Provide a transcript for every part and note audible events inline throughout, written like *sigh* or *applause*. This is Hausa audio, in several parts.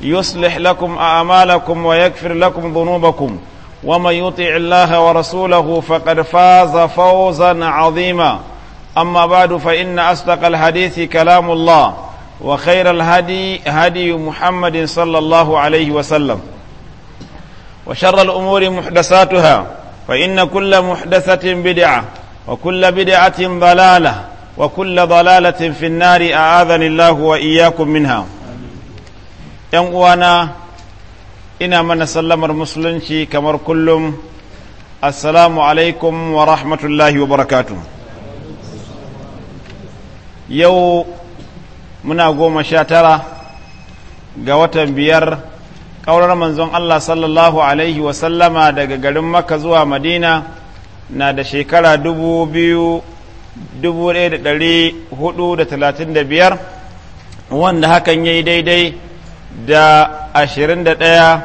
يصلح لكم أعمالكم ويكفر لكم ذنوبكم ومن يطع الله ورسوله فقد فاز فوزا عظيما أما بعد فإن أصدق الحديث كلام الله وخير الهدي هدي محمد صلى الله عليه وسلم وشر الأمور محدثاتها فإن كل محدثة بدعة وكل بدعة ضلالة وكل ضلالة في النار أعاذني الله وإياكم منها ‘yan uwana ina mana sallamar musulunci kamar kullum assalamu alaikum wa rahmatullahi wa barakatu yau muna goma sha tara ga watan biyar ƙaurar manzon Allah sallallahu alaihi wa sallama daga garin maka zuwa Madina na da shekara dubu biyu dubu ɗaya da ɗari hudu da talatin da biyar wanda hakan ya yi daidai da ashirin da ɗaya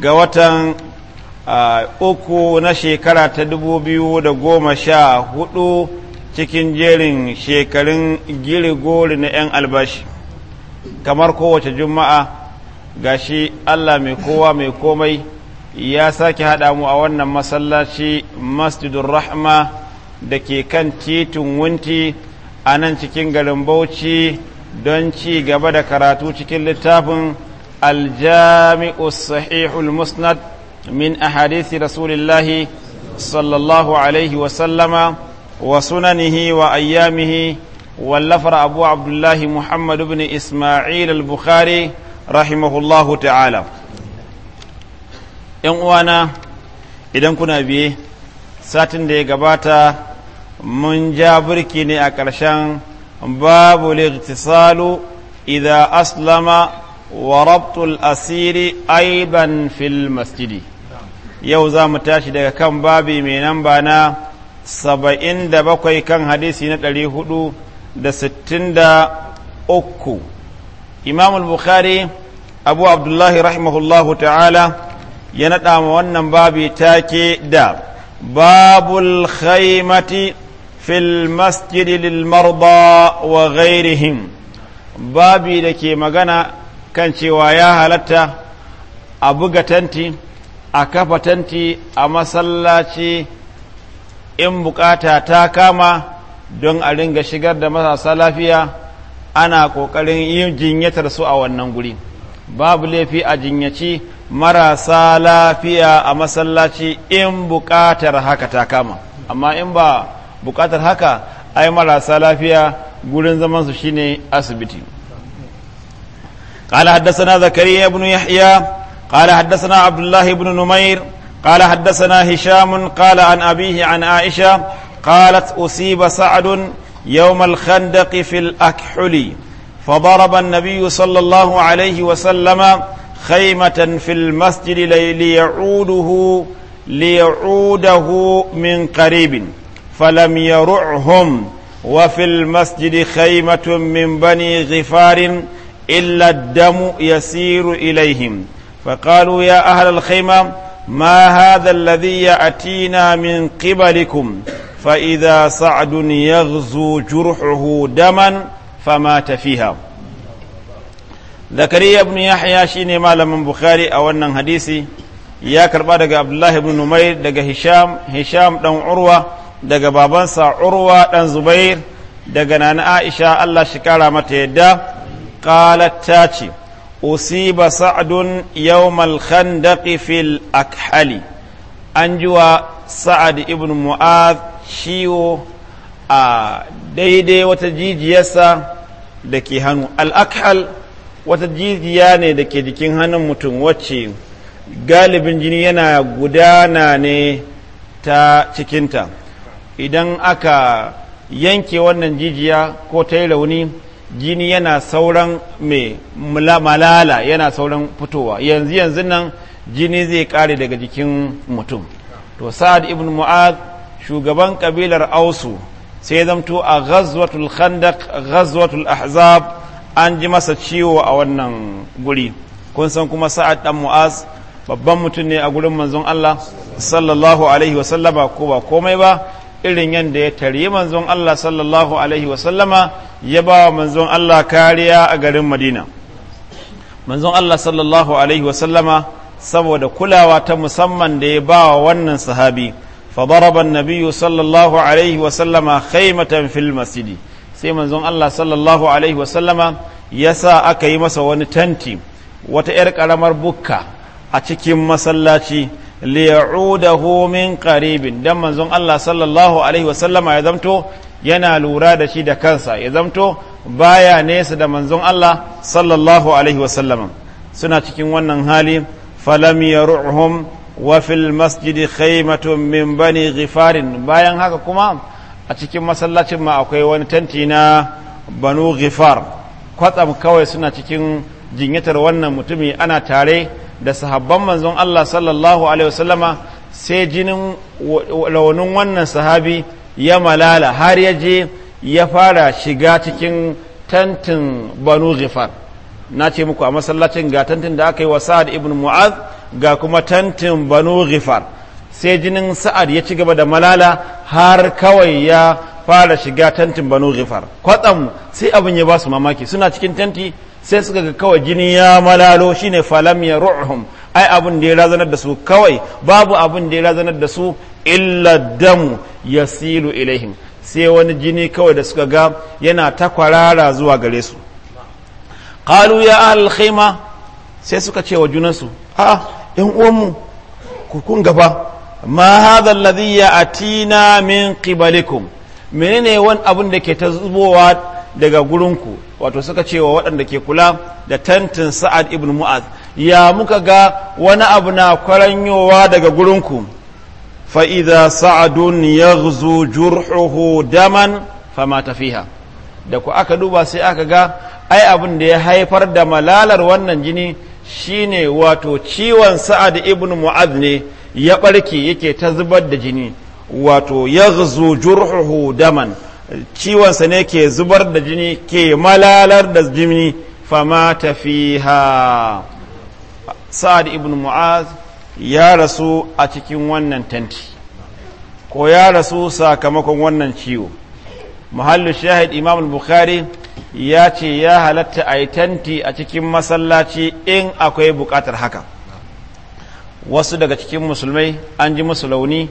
ga watan uku na shekara ta dubu biyu da goma sha hudu cikin jerin shekarun girigori na 'yan albashi kamar kowace juma'a gashi allah mai kowa mai komai ya sake haɗa mu a wannan masallaci masjidun rahma da ke kan titin wunti a nan cikin garin bauchi don ci gaba da karatu cikin littafin aljami'u sahihul musnad min ahadisi rasulillahi sallallahu alaihi wasallama wa sunanihi wa ayyamihi wallafar abu abdullahi muhammadu bin ismail al-bukhari rahimahullahu ta'ala yan uwana idan kuna biye satin da ya gabata mun ja birki ne a ƙarshen باب الاغتسال إذا أسلم وربط الأسير أيضا في المسجد يوزا متاشد كم بابي من أنبانا سبعين دبقي كان حديثي نتالي هدو دا ستين دا أكو إمام البخاري أبو عبد الله رحمه الله تعالى ينتعم ونن بابي تاكي دا باب الخيمة في المسجد للمرضى وغيرهم babi da ke magana kan cewa ya halatta a buga tanti a kafa tanti a masallaci in buƙata ta kama don a ringa shigar da marasa lafiya ana ƙoƙarin yin jinyatar su a wannan guri babu laifi a jinyaci marasa lafiya a masallaci in buƙatar haka ta kama amma in ba bukatar haka ai marasa lafiya gurin zaman su shine asibiti قال حدثنا زكريا بن يحيى قال حدثنا عبد الله بن نمير قال حدثنا هشام قال عن أبيه عن عائشة قالت أصيب سعد يوم الخندق في الأكحل فضرب النبي صلى الله عليه وسلم خيمة في المسجد ليعوده ليعوده من قريب فلم يرعهم وفي المسجد خيمة من بني غفار إلا الدم يسير إليهم فقالوا يا أهل الخيمة ما هذا الذي يأتينا من قبلكم فإذا صعد يغزو جرحه دما فمات فيها zakariya ibn yahya shine malamin bukhari a wannan hadisi ya karba daga abdullahi ibn numair daga hisham hisham dan urwa daga babansa urwa ɗan zubair daga nana aisha allah shi kara mata yadda qalat ta ce usiba sa'adun yawmal khandaqi fil akhali an jiwa sa'ad ibn mu'ad ciwo a daidai wata jijiyarsa da ke hannu al'akhal wata jijiya ne da ke jikin hannun mutum wacce galibin jini yana gudana ne ta cikinta idan aka yanke wannan jijiya ko ta yi rauni jini yana sauran mai malala yana sauran fitowa yanzu yanzu nan jini zai kare daga jikin mutum to sa'ad ibn mu'ad shugaban kabilar ausu sai zamto a ghazwatul khandaq ghazwatul ahzab an ji masa ciwo a wannan guri kun san kuma sa'ad dan mu'az babban mutum ne a gurin manzon Allah sallallahu alaihi wa sallama ko ba komai ba irin yadda ya tari manzon Allah sallallahu alaihi wasallama ya ba wa manzon Allah kariya a garin Madina manzon Allah sallallahu alaihi wasallama saboda kulawa ta musamman da ya ba wa wannan sahabi فضرب النبي Sallallahu alaihi عليه وسلم خيمة في المسجد sai manzon Allah sallallahu alaihi wasallama ya sa aka yi masa wani tanti wata 'yar ƙaramar bukka a cikin masallaci liya'udahu min qaribin dan manzon Allah sallallahu alaihi wasallama ya zamto yana lura da shi da kansa ya zamto baya nesa da manzon Allah sallallahu alaihi wasallama suna cikin wannan hali falam yaruhum wa fil masjidi khaymatun min bani ghifarin bayan haka kuma a cikin masallacin ma akwai wani tanti na banu ghifar kwatsam kawai suna cikin jinyatar wannan mutumi ana tare da sahabban manzon Allah sallallahu alaihi wasallama sai jinin launin wannan sahabi ya malala har ya je ya fara shiga cikin tantin banu zifar na ce muku a masallacin ga tantin da aka yi wa sa'ad ibn mu'az ga kuma tantin banu zifar sai jinin sa'ad ya ci gaba da malala har kawai ya fara shiga tantin banu zifar kwatsam sai abin ya ba su mamaki suna cikin tanti sai suka ga kawai jini ya malalo shine falam ya ru'hum ai abin da ya razanar da su kawai babu abin da ya razanar da su illa damu ya silu ilaihim sai wani jini kawai da suka ga yana ta zuwa gare su qalu ya ahlul sai suka ce wa junansu a yan uwanmu ku kun gaba ma hadha alladhi tina min qibalikum menene wani abin da ke ta zubowa daga gurinku wato suka ce wa waɗanda ke kula da tantin sa'ad ibn mu'az ya muka ga wani abu na kwaranyowa daga gurinku fa'iza sa'adun ya jurhuhu daman fama tafiha da ku aka duba sai aka ga ai abin da ya haifar da malalar wannan jini shine wato ciwon sa'ad ibn mu'az ne ya ɓarke yake ta zubar da jini wato ya jurhuhu daman ciwonsa ne ke zubar da jini ke malalar da jini fama tafiha sa'ad ibn mu'az ya rasu a cikin wannan tanti ko ya rasu sakamakon wannan ciwo muhallu shahid imam bukhari ya ce ya halatta a yi tanti a cikin masallaci in akwai bukatar haka wasu daga cikin musulmai an ji musu launi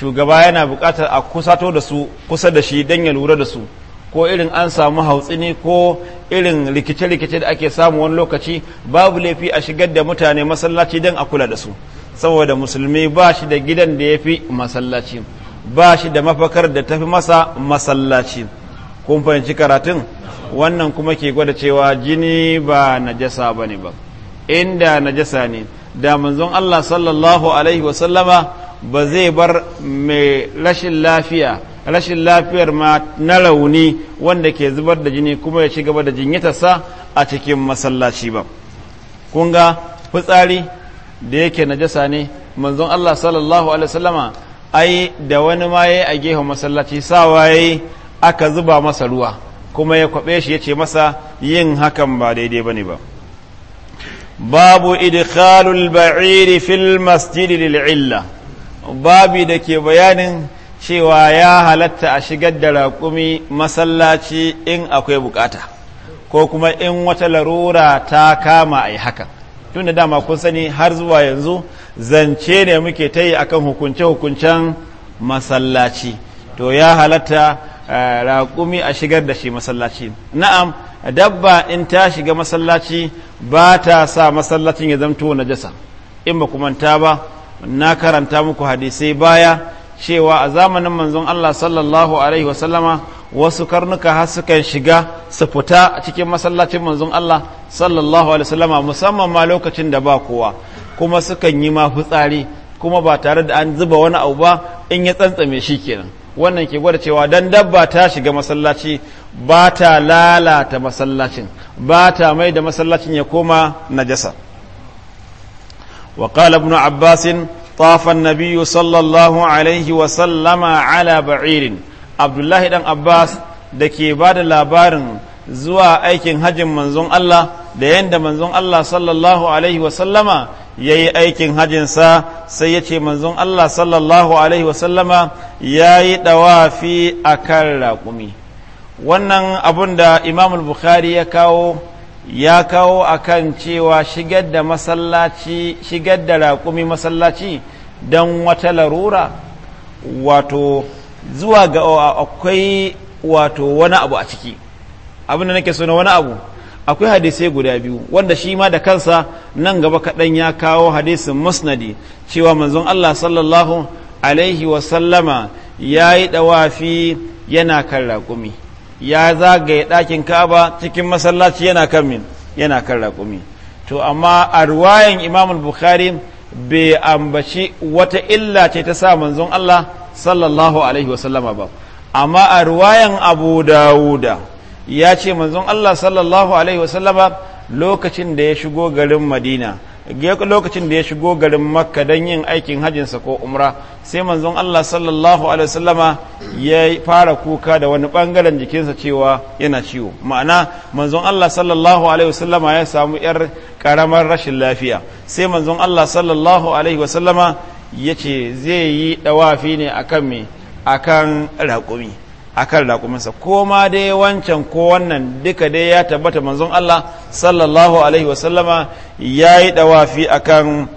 shugaba yana buƙatar a kusato da su kusa da shi don ya lura da su ko irin an samu hautsini ko irin rikice-rikice da ake samu wani lokaci babu laifi a shigar da mutane masallaci don a kula da su saboda musulmi ba shi da gidan da ya fi masallaci ba shi da mafakar da tafi masa masallaci kun fahimci karatun wannan kuma ke gwada cewa jini ba najasa ba ne ba inda najasa ne da manzon Allah sallallahu alaihi wasallama ba zai bar mai rashin lafiya rashin lafiyar ma na rauni wanda ke zubar da jini kuma ya ci gaba da jinyatarsa a cikin masallaci ba Kunga fitsari da yake najasa ne manzon Allah sallallahu alaihi wasallama ai da wani ma yayi a gefen masallaci sawa yayi aka zuba masa ruwa kuma ya kwabe shi ya ce masa yin hakan ba daidai ne ba babu idkhalul ba'iri fil masjid lil illa babi da ke bayanin cewa ya halatta a shigar da raƙumi masallaci in akwai bukata ko kuma in wata larura ta kama a yi hakan tun da dama kun sani har zuwa yanzu zance ne muke ta yi akan hukunce-hukuncen masallaci to ya halatta eh, raƙumi a shigar da shi masallaci na'am dabba in ta shiga masallaci ba ta sa masallacin ya zamto najasa in ba kumanta ba na karanta muku hadisai baya cewa a zamanin manzon Allah sallallahu alaihi wasallama wasu karnuka har sukan shiga su fita a cikin masallacin manzon Allah sallallahu alaihi wasallama musamman ma lokacin da ba kowa kuma sukan yi ma fitsari kuma ba tare da an zuba wani abu ba in ya tsantsame shi kenan wannan ke gwada cewa dan dabba ta shiga masallaci ba ta lalata masallacin ba ta mai da masallacin ya koma najasa وقال ابن عباس طاف النبي صلى الله عليه وسلم على بعير عبد الله da عباس دكي بعد zuwa aikin hajjin manzon Allah da yadda manzon Allah sallallahu Alaihi wasallama ya yi aikin hajjinsa sai ya ce manzon Allah sallallahu Alaihi wasallama ya yi ɗawafi a kan raƙumi wannan abun da imamul bukhari ya kawo ya kawo a kan cewa shigar da masallaci shigar da raƙumi masallaci don wata larura wato zuwa ga akwai wato wani abu a ciki abin nake so na wani abu akwai hadisai guda biyu wanda shi ma da kansa nan gaba kaɗan ya kawo hadisin musnadi cewa manzon Allah sallallahu alaihi wasallama ya yi ɗawafi yana kan raƙumi ya zagaye ɗakin kaba cikin masallaci yana kan min yana kan raƙumi to amma a ruwayan imam bukhari bai ambaci wata illa ce ta sa manzon Allah sallallahu alaihi wasallama ba amma a ruwayan abu dawuda ya ce manzon Allah sallallahu alaihi wasallama lokacin da ya shigo garin madina lokacin da ya shigo garin makka don yin aikin hajjinsa ko umra sai manzon Allah sallallahu alaihi wasallama ya fara kuka da wani bangaren jikinsa cewa yana ciwo ma'ana manzon Allah sallallahu alaihi wasallama ya samu yar karamar rashin lafiya sai manzon Allah sallallahu alaihi wasallama ya ce zai yi dawafi ne akan me akan raƙumi akan raƙuminsa ko ma dai wancan ko wannan duka dai ya tabbata manzon Allah sallallahu alaihi wasallama ya yi dawafi a kan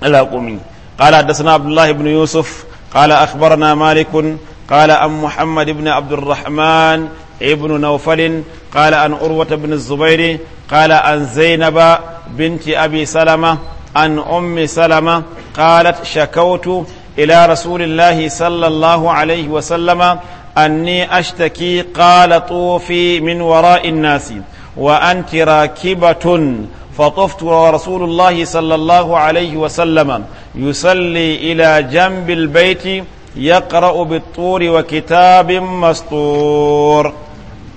raƙumi ƙala da suna abdullahi ibn yusuf ƙala akbar na malikun ƙala an muhammad ibn abdurrahman ibn naufalin ƙala an urwata ibn zubairi ƙala an zainaba binti abi salama an ummi salama ƙalat shakautu ila rasulillahi sallallahu alaihi wasallama أني أشتكي قال طوفي من وراء الناس وأنت راكبة فطفت ورسول الله صلى الله عليه وسلم يصلي إلى جنب البيت يقرأ بالطور وكتاب مسطور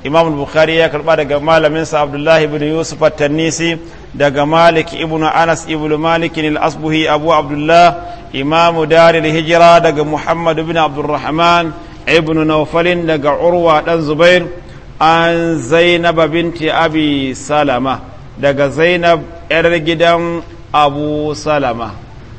imam bukhari ya karba daga malaminsa abdullahi ibn yusuf at-tannisi daga malik ibn anas ibn malik al-asbuhi abu abdullah imamu daril hijra daga muhammad ibn abdurrahman Ibnu naufalin daga urwa ɗan zubair an zainab binti abi daga zainab 'yar gidan abu salama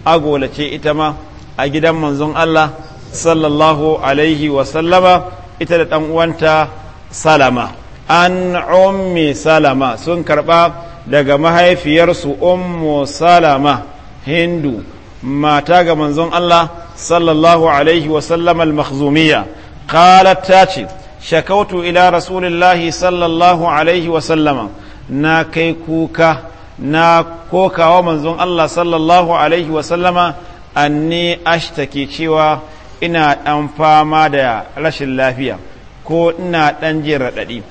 agola ce ita ma a gidan manzon Allah sallallahu alaihi wasallama ita da ɗan uwanta salama an ummi salama sun karɓa daga mahaifiyarsu ummu salama hindu mata ga manzon Allah sallallahu alaihi wasallam al-makhzumiyya qalat tachi. ce ila rasulillahi sallallahu alaihi wasallama na kai kuka na kokawa manzon Allah sallallahu alaihi wasallama anni ashtaki cewa ina ɗan fama da rashin lafiya ko ina ɗan jin raɗaɗi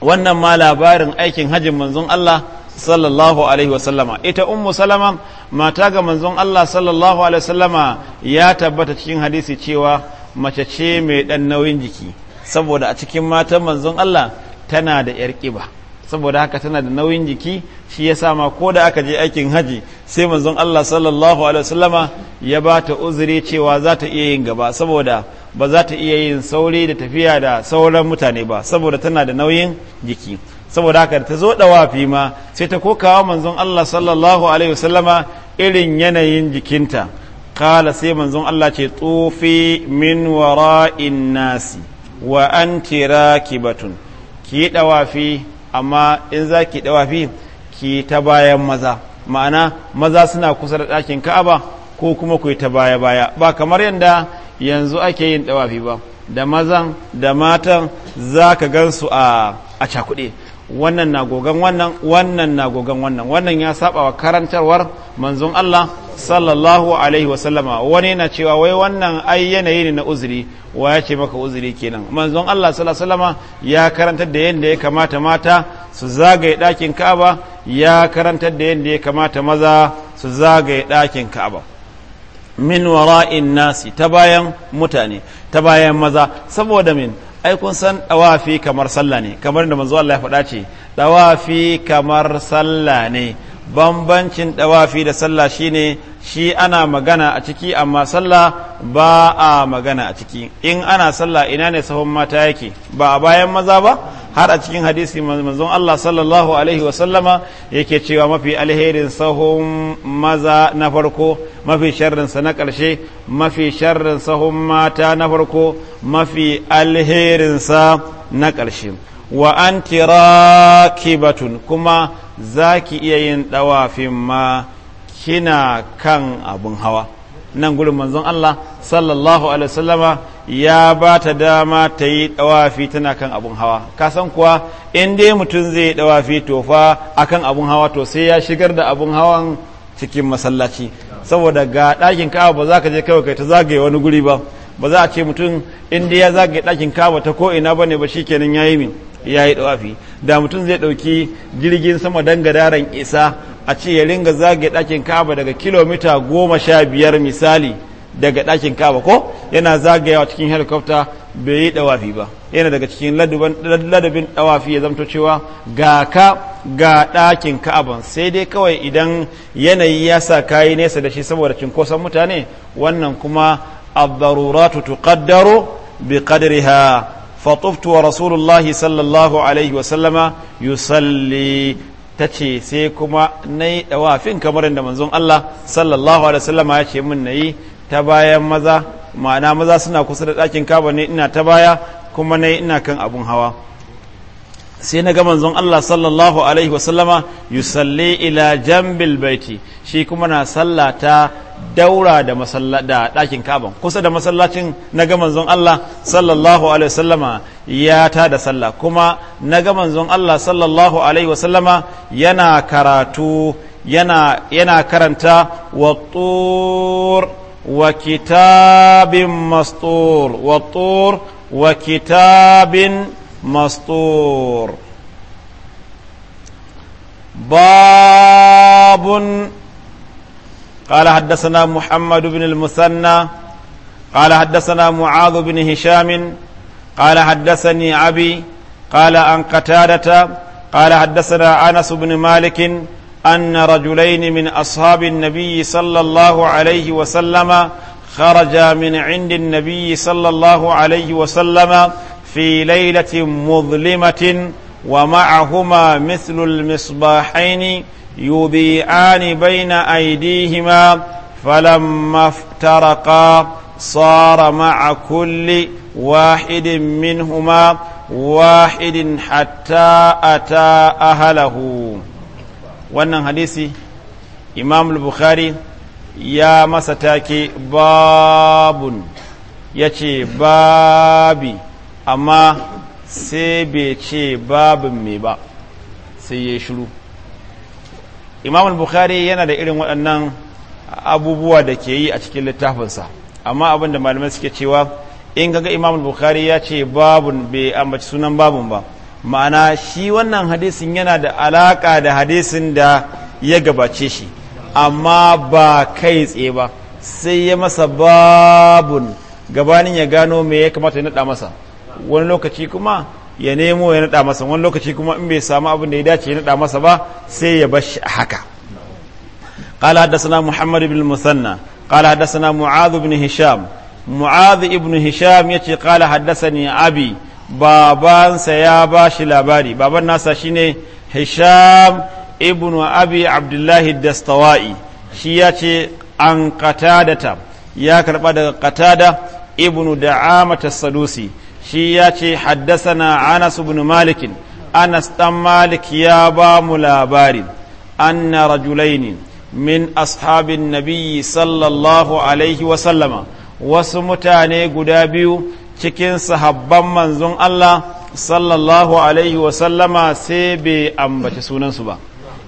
wannan ma labarin aikin hajjin manzon Allah sallallahu alaihi wasallama ita ummu salama mata ga manzon Allah sallallahu alaihi wasallama ya tabbata cikin hadisi cewa mace ce mai dan nauyin jiki saboda a cikin matan manzon Allah tana da yar kiba saboda haka tana da nauyin jiki shi yasa ma ko da aka je aikin haji sai manzon Allah sallallahu alaihi wasallama ya ba ta uzuri cewa za ta iya yin gaba saboda ba za ta iya yin sauri da tafiya da sauran mutane ba saboda tana da nauyin jiki saboda haka ta zo ɗawafi ma sai ta kokawa manzon Allah sallallahu alaihi wasallama irin yanayin jikinta kala sai manzon Allah ce tsofi min wara'in nasi wa anti rakibatun ki wafi amma in za ki wafi ki ta bayan maza ma'ana maza suna kusa da ɗakin Ka'aba ko kuma ku ta baya baya ba kamar yadda yanzu ake yin dawafi ba da mazan da matan za ka gansu a a cakuɗe wannan na gogan wannan wannan na gogan wannan wannan ya saba wa karantarwar manzon Allah sallallahu alaihi wa sallama wani na cewa wai wannan ai yanayi ne na uzuri wa ya ce maka uzuri kenan manzon Allah sallallahu alaihi wa sallama ya karantar da yadda ya kamata mata su zagaye dakin Ka'aba ya karantar da yadda ya kamata maza su zagaye dakin Ka'aba min wara'in nasi ta bayan mutane ta bayan maza saboda min ai kun san dawafi kamar sallah ne kamar da manzo Allah ya faɗa ce dawafi kamar sallah ne bambancin dawafi da sallah shine shi ana magana a ciki amma sallah ba a magana a ciki in ana sallah ina ne sahun mata yake ba a bayan maza ba har a cikin hadisi manzon Allah sallallahu alaihi wa sallama yake cewa mafi alherin sahun maza na farko mafi sharrin sa na ƙarshe mafi sharrin sahun mata na farko mafi alherin sa na ƙarshe wa anti rakibatun kuma za ki iya yin ɗawafin ma kina kan abin hawa nan gurin manzon Allah sallallahu alaihi wasallama ya ba ta dama ta yi ɗawafi tana kan abin hawa kasan kuwa in dai mutum zai yi ɗawafi to fa akan abin hawa to sai ya shigar da abin hawan cikin masallaci saboda ga ɗakin kawa ba za ka je kawai kai ta zagaye wani guri ba ba za a ce mutum in dai ya zagaye ɗakin kawa ta ko ina ne ba shi kenan ya yi min ya yi ɗawafi da mutum zai ɗauki jirgin sama don gadaran isa a ce ya ringa zage ɗakin kaba daga kilomita goma sha biyar misali daga ɗakin kaba ko yana zagayawa cikin helikofta bai yi ɗawafi ba yana daga cikin ladabin ɗawafi ya zamto cewa ga ka ga ɗakin ka'aban sai dai kawai idan yanayi ya sa kayi nesa da shi saboda cinkoson mutane wannan kuma abdaruratu tuqaddaru bi qadriha فطفت ورسول الله صلى الله عليه وسلم يصلي تتي سيكما ني وافين كمر عند منزون الله صلى الله عليه وسلم يا من ني تبايا مزا ma'ana maza suna kusa da ɗakin kaba ne ina ta baya kuma na ina kan abun hawa sai na ga manzon Allah sallallahu alaihi wasallama yusalli ila jambil baiti shi kuma na salla ta daura da masalla da ɗakin kaban kusa da masallacin na ga manzon Allah sallallahu alaihi wasallama ya ta da sallah kuma na ga manzon Allah sallallahu alaihi wasallama yana karatu yana yana karanta wa tur wa kitabin mastur wa tur wa kitabin مسطور باب قال حدثنا محمد بن المثنى قال حدثنا معاذ بن هشام قال حدثني أبي قال عن قتادة قال حدثنا أنس بن مالك أن رجلين من أصحاب النبي صلى الله عليه وسلم خرجا من عند النبي صلى الله عليه وسلم في ليلة مظلمة ومعهما مثل المصباحين يبيعان بين أيديهما فلما افترقا صار مع كل واحد منهما واحد حتى أتى أهله wannan hadisi imam bukhari ya masa take babun ya ce babi amma sai bai ce babin mai ba sai ya shiru imam bukhari yana da irin waɗannan abubuwa da ke yi a cikin littafinsa amma abin da malamai suke cewa in gaga imam bukhari ya ce babin bai ambaci sunan babun ba ma'ana shi wannan hadisin yana da alaƙa da hadisin da ya gabace shi amma ba kai tse ba sai ya masa babun gabanin ya gano me ya kamata ya naɗa masa wani lokaci kuma ya nemo ya naɗa masa wani lokaci kuma in bai samu abin da ya dace ya nada masa ba sai ya bashi haka qala hadathana muhammad ibn musanna qala hadathana muadh ibn hisham muadh ibn hisham yace qala hadathani abi baban sa ya bashi labari baban nasa shine hisham ibn abi abdullah dastawai shi yace an qatada ya karba daga qatada ibn da'amata sadusi shi ya ce haddasa na anas bin malikin anas dan malik ya ba mu labarin anna rajulaini min ashabin nabiyyi sallallahu alaihi wa wasu mutane guda biyu cikin sahabban manzon Allah sallallahu alaihi wa sai bai ambaci sunansu ba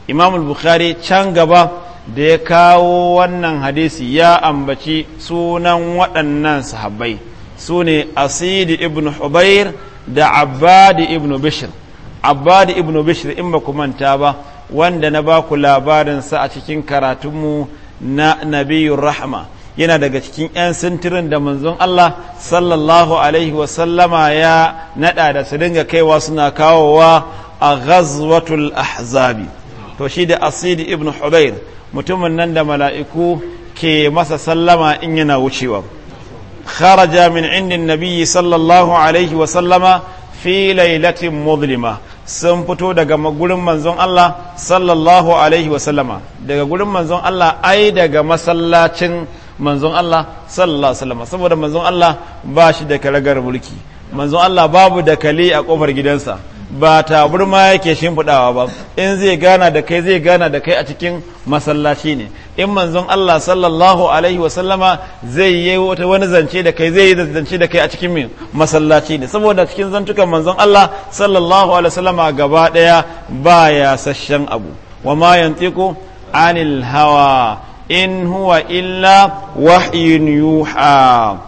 imam bukhari can gaba da ya kawo wannan hadisi ya ambaci sunan waɗannan sahabbai su ne asidi ibn hubair da abadi ibn bishir abadi ibn bishir in ba ku manta ba wanda na ba ku labarinsa a cikin karatunmu na nabiyun rahama yana daga cikin 'yan sintirin da manzon Allah sallallahu alaihi wasallama ya nada da su dinga kaiwa suna kawowa a ghazwatul ahzabi to shi da asidi ibn hubair mutumin nan da mala'iku ke masa sallama in yana wucewa خرج من عند النبي صلى الله عليه وسلم fi lailatin muzlima sun fito daga gurin manzon Allah sallallahu alaihi wasallama daga gurin manzon Allah ai daga masallacin manzon Allah sallallahu alaihi saboda manzon Allah ba shi da karagar mulki manzon Allah babu da kali a kofar gidansa ba ta taburma yake shimfiɗawa ba in zai gana da kai zai gana da kai a cikin masallaci ne in manzon Allah sallallahu alaihi wa sallama zai yi wata wani zance da kai zai yi zance da kai a cikin masallaci ne saboda cikin zantukan manzon Allah sallallahu alaihi wa sallama gaba daya baya sashen abu wa ma yantiku anil hawa in huwa illa wahyin yuha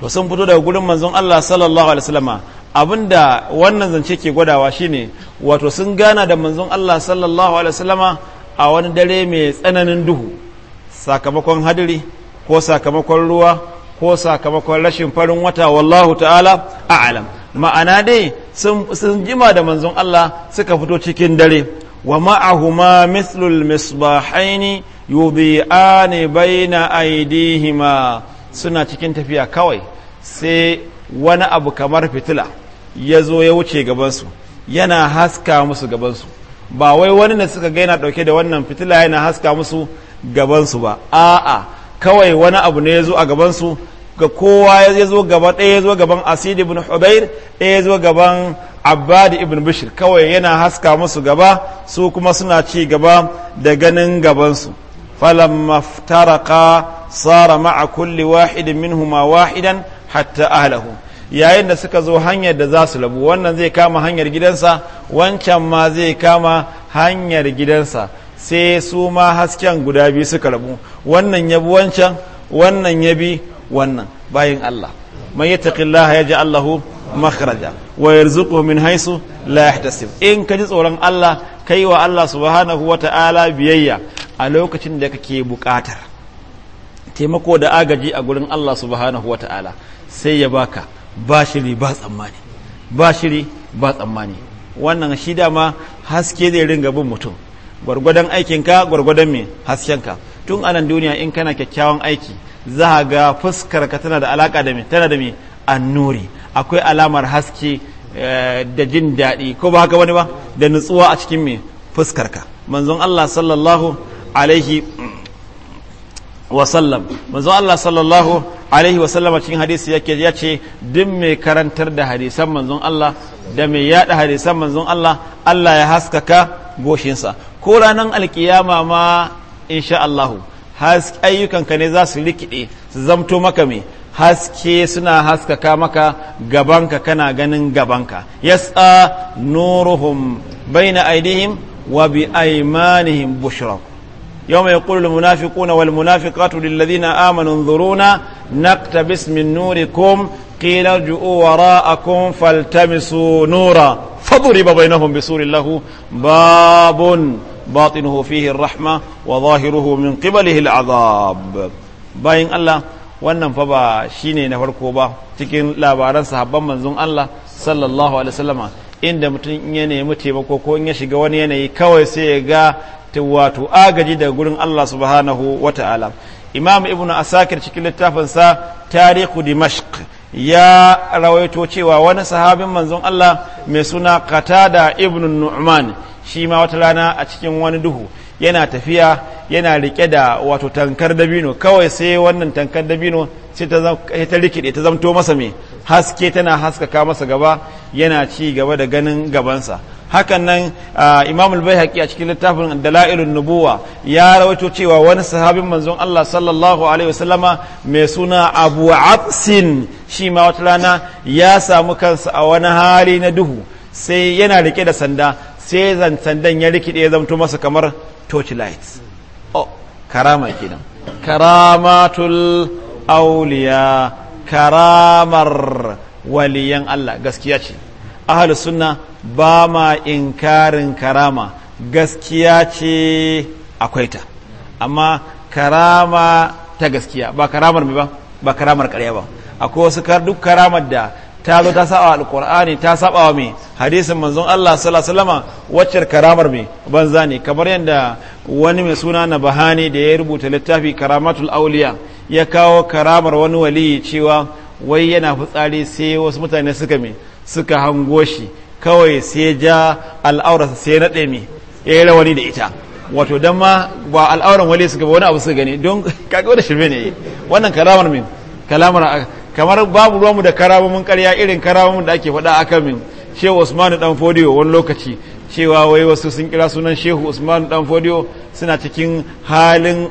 to sun fito daga gurin manzon Allah sallallahu alaihi wa sallama abinda wannan zance ke gwadawa shine wato sun gana da manzon Allah sallallahu alaihi wa sallama. a wani dare mai tsananin duhu sakamakon hadiri ko sakamakon ruwa ko sakamakon rashin farin wata wallahu ta'ala a a'lam ma'ana ne sun jima da manzon Allah suka fito cikin dare wa ma mislul misbahaini yudhi'ani baina aydihima suna cikin tafiya kawai sai wani abu kamar fitila ya zo ya wuce gabansu yana haska musu gabansu ba wai wani da suka gaina dauke da wannan fitila yana haska musu gabansu ba a'a kawai wani abu ne ya zo a gabansu ga kowa ya zo gaba ɗaya ya zo gaban asid ibn hubair ɗaya ya zo gaban abadi ibn bishir kawai yana haska musu gaba su kuma suna ci gaba da ganin gabansu falamma iftaraka sara ma'a kulli wahidin minhuma wahidan hatta ahlahu yayin da suka zo hanyar da za su labu wannan zai kama hanyar gidansa wancan ma zai kama hanyar gidansa sai su ma hasken guda biyu suka rabu wannan ya wancan wannan yabi wannan bayan Allah man yattaqillaha yaj'al allahu makhraja wa yarzuquhu min haisu la yahtasib in ka ji tsoron Allah kai wa Allah subhanahu wa ta'ala biyayya a lokacin da kake buƙatar taimako da agaji a gurin Allah subhanahu wa ta'ala sai ya baka ba shiri ba tsammani ba shiri ba tsammani wannan shi dama haske zai ringa bin mutum gwargwadon aikinka gwargwadon mai haskenka tun anan duniya in kana kyakkyawan aiki za ga ka tana da alaka da mai tana da mai annuri akwai alamar haske eh, da jin daɗi ko ba haka wani ba da nutsuwa a cikin mai ka manzon Allah sallallahu alaihi wasallam manzo Allah sallallahu alaihi wasallam cikin hadisi yake ya ce duk mai karantar da hadisan manzon Allah da mai yada hadisan manzon Allah Allah ya haskaka goshinsa ko ranar alkiyama ma insha Allahu ayyukanka ne za su rikide su zamto maka me haske suna haskaka maka gabanka kana ganin gabanka yas'a nuruhum baina aidihim wa bi aymanihim bushrakum يوم يقول المنافقون والمنافقات للذين آمنوا انظرونا نقتبس من نوركم قيل ارجعوا وراءكم فالتمسوا نورا فضرب بينهم بسور الله باب باطنه فيه الرحمة وظاهره من قبله العذاب باين الله wannan fa ba shine na farko ba cikin labaran sahabban manzon Allah sallallahu alaihi wasallama inda mutum ya nemi taimako ko in ya shiga wani yanayi kawai sai ya ga ta wato agaji daga gurin Allah subhanahu wa ta'ala imam Ibn asakir cikin littafinsa tarihu dimashq ya rawaito cewa wani sahabin manzon Allah mai suna qatada Ibn nu'man shi ma wata rana a cikin wani duhu yana tafiya yana rike da wato tankar dabino kawai sai wannan tankar dabino sai ta rikide ta zamto masa mai haske tana haskaka masa gaba yana ci gaba da ganin gabansa hakan nan imam al-baihaqi a cikin littafin dalailun nubuwa ya rawaito cewa wani sahabin manzon Allah sallallahu alaihi wasallama mai suna Abu Absin shi ma wata rana ya samu kansa a wani hali na duhu sai yana rike da sanda sai zan sandan ya rikide ya zamto masa kamar torchlight oh karama kenan karamatul auliya karamar waliyan Allah gaskiya ce ahal sunna ba ma inkarin karama gaskiya ce akwai ta amma karama ta gaskiya ba karamar mai ba ba karamar karya ba akwai wasu duk karamar da ta zo ta saba alkur'ani ta saba wa mai hadisin manzon Allah sallallahu alaihi wasallam waccar karamar mai banza ne kamar yadda wani mai suna na bahani da ya rubuta littafi karamatul auliya ya kawo karamar wani wali cewa wai yana fitsari sai wasu mutane suka mai suka hango shi kawai sai ja al'aurarsa sai naɗe me ya yi rawani da ita wato don ma ba al'auran wale suka ba wani abu suka gani don *laughs* kaga da shirme ne yi wannan kalamar min kalamar kamar babu ruwanmu da karamomin karya irin karamomin da ake faɗa akan min shehu usmanu dan fodiyo wani lokaci cewa wai wasu sun kira sunan shehu usmanu dan fodiyo suna cikin halin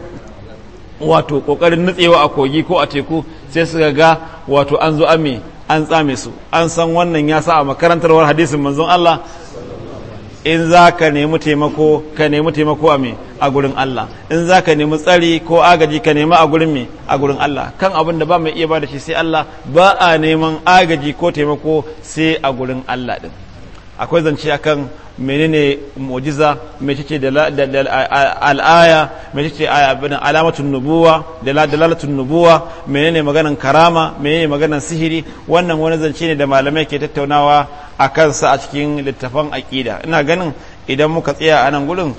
wato kokarin nutsewa a kogi ko a teku sai suka ga wato an zo ame an tsame su an san wannan ya sa a makarantarwar hadisin manzon Allah in za ka nemi taimako ka nemi taimako a me a gurin Allah in za ka nemi tsari ko agaji ka nemi a gurin me a gurin Allah kan abin da ba mai iya ba da shi sai Allah ba a neman agaji ko taimako sai a gurin Allah din akwai zance akan menene mujiza mecece al'aya mecece abin alamatun nubuwa da dalalatun nubuwa menene maganan karama menene maganan sihiri wannan wani zance ne da malamai ke tattaunawa a kansa a cikin littafan aƙida ina ganin idan muka tsaya a nan gudun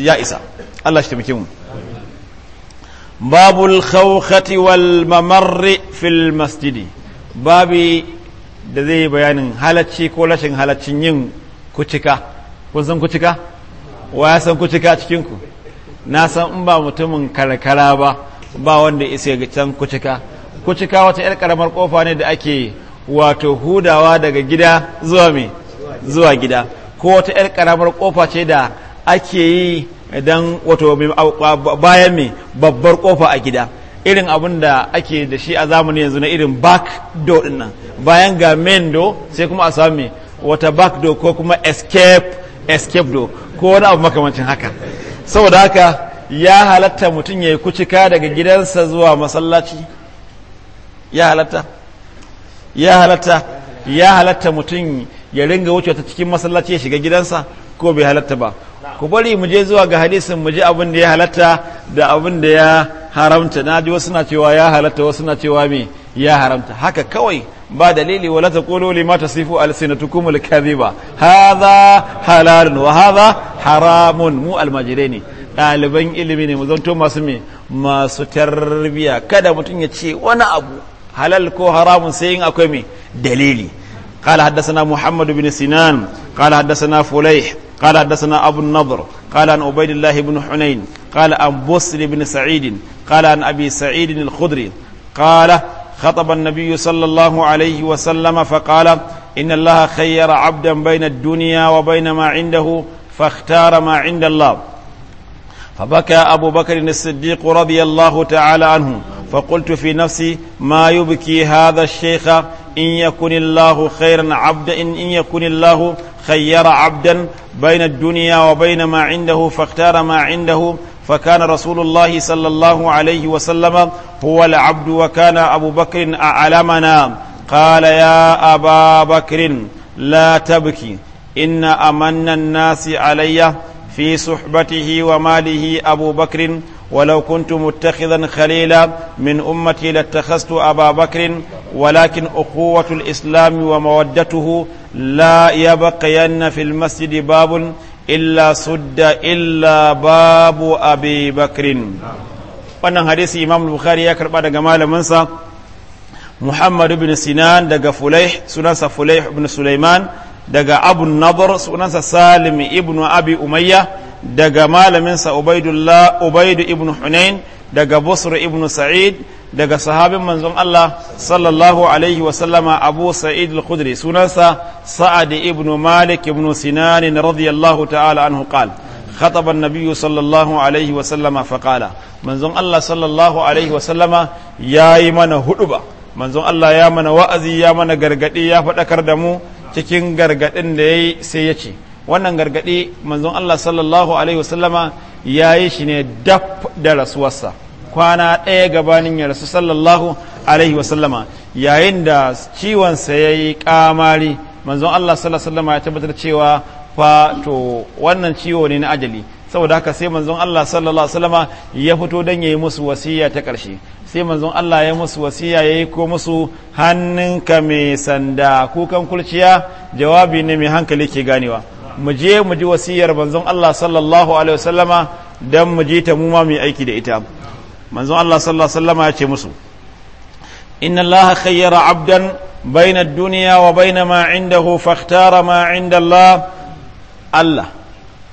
ya isa Allah shi taimake mu babul khawkhati wal mamarri fil masjidi babi da zai yi bayanin halacci ko rashin halaccin yin kucika kun san kucika wa ya san kucika cikinku na san in ba mutumin karkara ba ba wanda isa ga can kucika kucika wata yar karamar kofa ne da ake wato hudawa daga gida zuwa mai zuwa gida ko wata yar karamar kofa ce da ake yi don wato bayan mai babbar kofa a gida irin abin da ake da shi a zamani yanzu na irin back door din nan bayan ga main door sai kuma a sami wata back door ko kuma escape escape door ko wani abu makamancin haka saboda haka ya halatta mutum ya yi kucika daga gidansa zuwa masallaci ya halatta ya halatta ya halatta mutum ya ringa wuce ta cikin masallaci ya shiga gidansa ko bai halatta ba ku bari mu je zuwa ga hadisin mu je abin da ya halatta da abin da ya haramta na ji wasu na cewa ya halatta wasu na cewa me ya haramta haka kawai ba dalili wala taqulu lima tasifu alsinatukum alkadhiba hadha halalun wa hadha haramun mu almajirani ɗaliban ilimi ne mu zanto masu me masu tarbiya kada mutum ya ce wani abu halal ko haramun sai in akwai me dalili قال حدثنا محمد بن سنان قال حدثنا فليح قال حدثنا أبو النضر قال عن عبيد الله بن حنين قال عن بصر بن سعيد قال عن أبي سعيد الخدري قال خطب النبي صلى الله عليه وسلم فقال إن الله خير عبدا بين الدنيا وبين ما عنده فاختار ما عند الله فبكى أبو بكر الصديق رضي الله تعالى عنه فقلت في نفسي ما يبكي هذا الشيخ إن يكن الله خيرا عبدا إن, إن يكن الله خير عبدا بين الدنيا وبين ما عنده فاختار ما عنده فكان رسول الله صلى الله عليه وسلم هو العبد وكان أبو بكر أعلمنا قال يا أبا بكر لا تبكي إن أمن الناس علي في صحبته وماله أبو بكر ولو كنت متخذا خليلا من أمتي لاتخذت أبا بكر ولكن أخوة الإسلام ومودته لا يبقين في المسجد باب إلا سد إلا باب أبي بكر wannan hadisi imam bukhari ya karba daga malaminsa muhammad ibn sinan daga fulaih sunansa fulaih ibn sulaiman daga abu nadar sunansa salim ibn abi umayya daga malaminsa Ubaidullah Ubaidu ibn Hunain daga Busr ibn Sa'id daga sahabin manzon Allah sallallahu alaihi wa sallama Abu Sa'id al-Khudri sunansa Sa'ad ibn Malik ibn Sinan radiyallahu ta'ala anhu qala خطب النبي صلى الله عليه وسلم فقال منزون الله صلى الله عليه وسلم يا من هدبا منزون الله يا من وأزي يا من غرغدي يا فدكر دمو cikin gargadin da yayi sai ce wannan gargaɗi manzon Allah sallallahu alaihi wasallama ya yi shi ne daf da rasuwarsa kwana ɗaya gabanin ya rasu sallallahu alaihi wasallama yayin da ciwonsa ya yi kamari manzon Allah sallallahu alaihi wasallama ya tabbatar cewa fa to wannan ciwo ne na ajali saboda haka sai manzon Allah sallallahu alaihi wasallama ya fito ya yayi musu wasiya ta ƙarshe sai manzon Allah ya musu wasiya yi ko musu hannunka mai sanda kukan kulciya jawabi ne mai hankali ke ganewa mu je mu ji wasiyar manzon Allah sallallahu alaihi wasallama dan mu ji ta mu ma mu aiki da ita manzon Allah sallallahu alaihi wasallama ya ce musu inna Allah khayyara 'abdan baina ad-dunya wa baina ma 'indahu fakhtara ma 'inda Allah Allah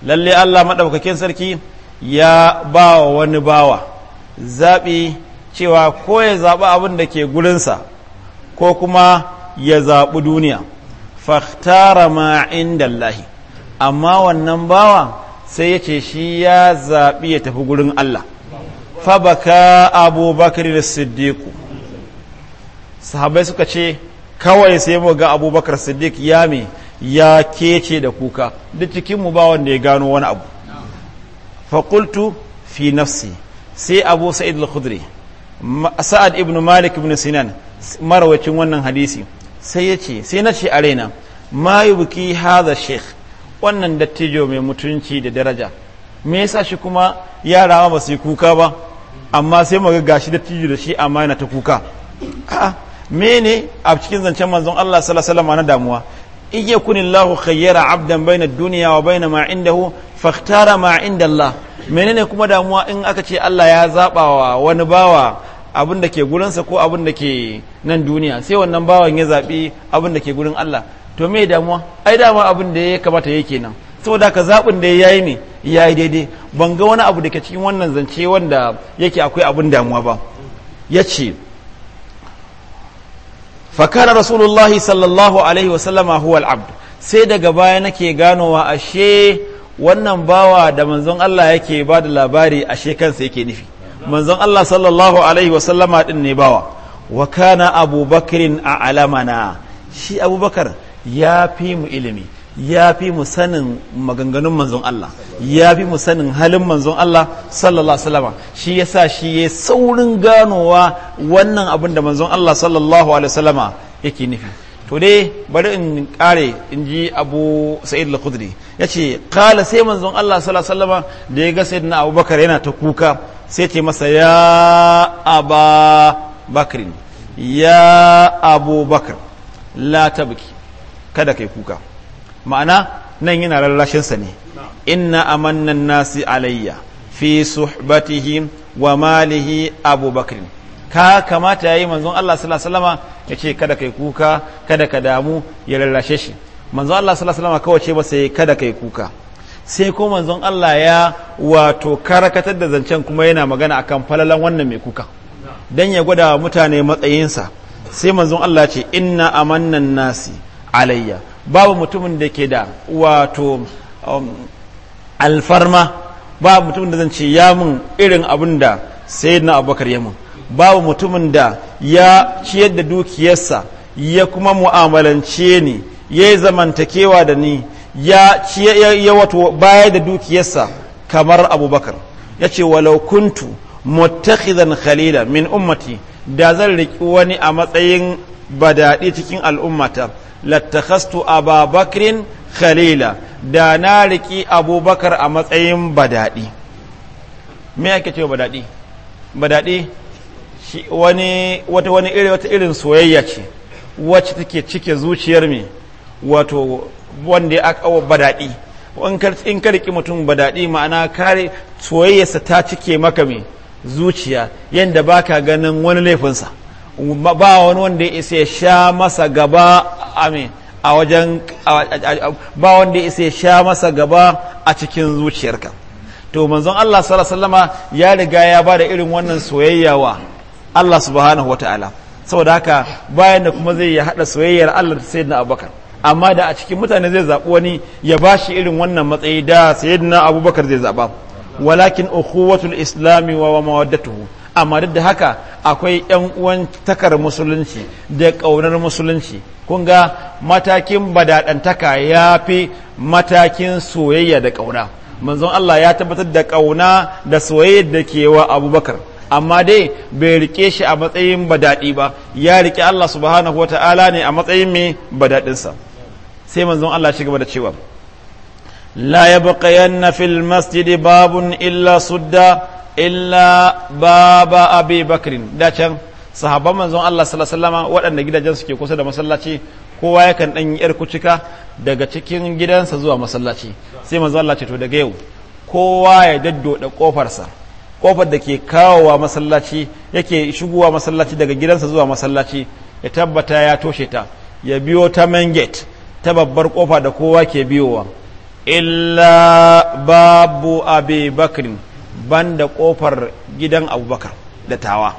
lalle Allah madaukakin sarki ya ba wani bawa zabi cewa ko ya zaɓi abin da ke gurinsa ko kuma ya zaɓi duniya fakhtara ma 'inda Allah amma wannan bawa sai ya ce shi ya zaɓi ya tafi gurin Allah fabaka abubakar da siddiku sahabai suka ce kawai sai mu ga abubakar siddiq ya me ya kece da kuka duk cikinmu ba wanda ya gano wani abu faƙultu fi nafsi sai abu sa'id al-khudri sa'ad ibn malik ibn sinan marawacin wannan hadisi sai ya ce sai na ce a raina ma yi buki haza sheikh wannan dattijo mai mutunci da daraja me yasa shi kuma yara ma ba su yi kuka ba amma sai mu ga gashi dattijo da shi amma yana ta kuka a'a mene a cikin zancen manzon Allah sallallahu alaihi wasallam na damuwa iyakun kunillahu khayyara abdan baina dunya wa baina ma indahu fakhtara ma inda menene kuma damuwa in aka ce Allah ya wa wani bawa abin da ke gurinsa ko abin da ke nan duniya sai wannan bawan ya zabi abin da ke gurin Allah to me damuwa ai dama abin da ya kamata yake nan saboda ka zaɓin da ya yi ne yayi daidai ban ga wani abu da ke cikin wannan zance wanda yake akwai abin damuwa ba yace ce fakana rasulullahi sallallahu alaihi wa sallama huwa al-abd sai daga baya nake ganowa ashe wannan bawa da manzon Allah yake ba da labari ashe kansa yake nufi manzon Allah sallallahu alaihi wa sallama din ne bawa wa kana abubakar a alamana shi abubakar ya fi mu ilimi ya fi mu sanin maganganun manzon Allah ya fi mu sanin halin manzon Allah sallallahu alaihi wasallam shi yasa shi ya saurin ganowa wannan abin da manzon Allah sallallahu alaihi wasallama yake nufi to dai bari in kare in ji Abu Sa'id al-Khudri yace qala sai manzon Allah sallallahu alaihi wasallama da ya ga sayyidina Abubakar yana ta kuka sai ce masa ya Aba Bakrin ya Abubakar la tabki kada kai kuka ma'ana nan yana rarrashin sa ne inna amannan nasi alayya fi suhbatihi wa malihi abubakar ka kamata yayi manzon Allah sallallahu alaihi wasallama yace kada kai kuka kada ka damu ya rarrashe shi manzon Allah sallallahu alaihi wasallama kawai ce sai kada kai kuka sai ko manzon Allah ya wato karakatar da zancen kuma yana magana akan falalan wannan mai kuka dan ya gwada mutane matsayinsa sai manzon Allah ce inna amannan nasi alayya babu mutumin da ke da wato um, alfarma babu mutumin da zan ce ya mun irin abin da sayyidina abubakar ya mun babu mutumin da ya ciyar da dukiyarsa ya kuma mu'amalance ni ya yi zamantakewa da ni ya ya wato baya da dukiyarsa kamar abubakar ya ce walau kuntu khalila min ummati da zan riki wani a matsayin badaɗi cikin al'ummata abu ababakrin khalila da na riki abubakar a matsayin badadi me ake ce badadi badadi shi wani wata wani irin wata irin soyayya ce wacce take cike zuciyar me wato wanda ya kawo badadi in ka riki mutum badadi ma'ana kare soyayyarsa ta cike maka me zuciya yanda baka ganin wani laifinsa ba wani wanda ya isa ya sha masa gaba amin a wajen ba wanda ya isa ya sha masa gaba a cikin zuciyarka to manzon Allah sallallahu ya riga ya ba da irin wannan soyayya wa Allah subhanahu wataala saboda haka bayan da kuma zai ya hada soyayyar Allah da sayyidina Abubakar amma da a cikin mutane zai zabi wani ya ba shi irin wannan matsayi da sayyidina Abubakar zai zaba walakin ukhuwatul islami wa mawaddatuhu amma duk da haka akwai yan uwan takar musulunci da ƙaunar musulunci kun ga matakin badaɗantaka ya fi matakin soyayya da ƙauna manzon Allah ya tabbatar da ƙauna da soyayya da ke wa abubakar amma dai bai rike shi a matsayin badaɗi ba ya rike Allah subhanahu wata'ala ne a matsayin mai badaɗinsa sai manzon Allah shi gaba da cewa la yabqayanna fil masjidi babun illa sudda illa baba abi bakrin da can sahabban manzon Allah sallallahu alaihi wasallam waɗanda gidajen ke kusa da masallaci kowa yakan dan yar kucika daga cikin gidansa zuwa masallaci sai manzon Allah ce to daga yau kowa ya daddoda kofarsa kofar da ke kawowa masallaci yake shigowa masallaci daga gidansa zuwa masallaci ya tabbata ya toshe ta ya biyo ta main gate ta babbar kofa da kowa ke biyowa illa babu abi bakrin Ban da ƙofar gidan abubakar da tawa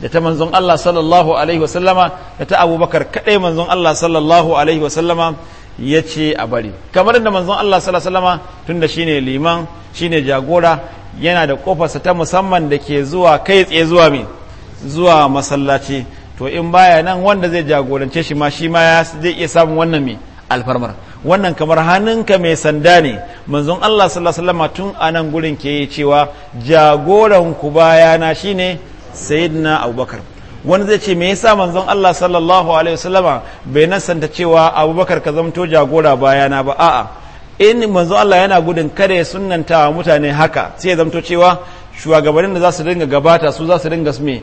da ta manzon Allah sallallahu alaihi wasallama da ta abubakar kaɗai manzon Allah sallallahu alaihi wasallama ya ce a bari kamar da manzon Allah sallallahu alaihi wasallama tunda ne liman shi ne jagora yana da ƙofarsa ta musamman da ke zuwa kai tsaye zuwa mi zuwa masallaci to in baya nan wanda zai jagorance shi ma shi ma zai iya samun wannan mai. alfarmar wannan kamar hannunka mai sanda ne manzon Allah sallallahu alaihi wasallam tun anan gurin ke cewa jagoran ku bayana shine sayyidina Abubakar wani zai ce me yasa manzon Allah sallallahu alaihi wasallam bai nasanta cewa Abubakar ka zamto jagora bayana ba a'a in manzon Allah yana gudun kare sunnanta mutane haka sai ya zamto cewa shugabannin da za su dinga gabata su za su dinga su me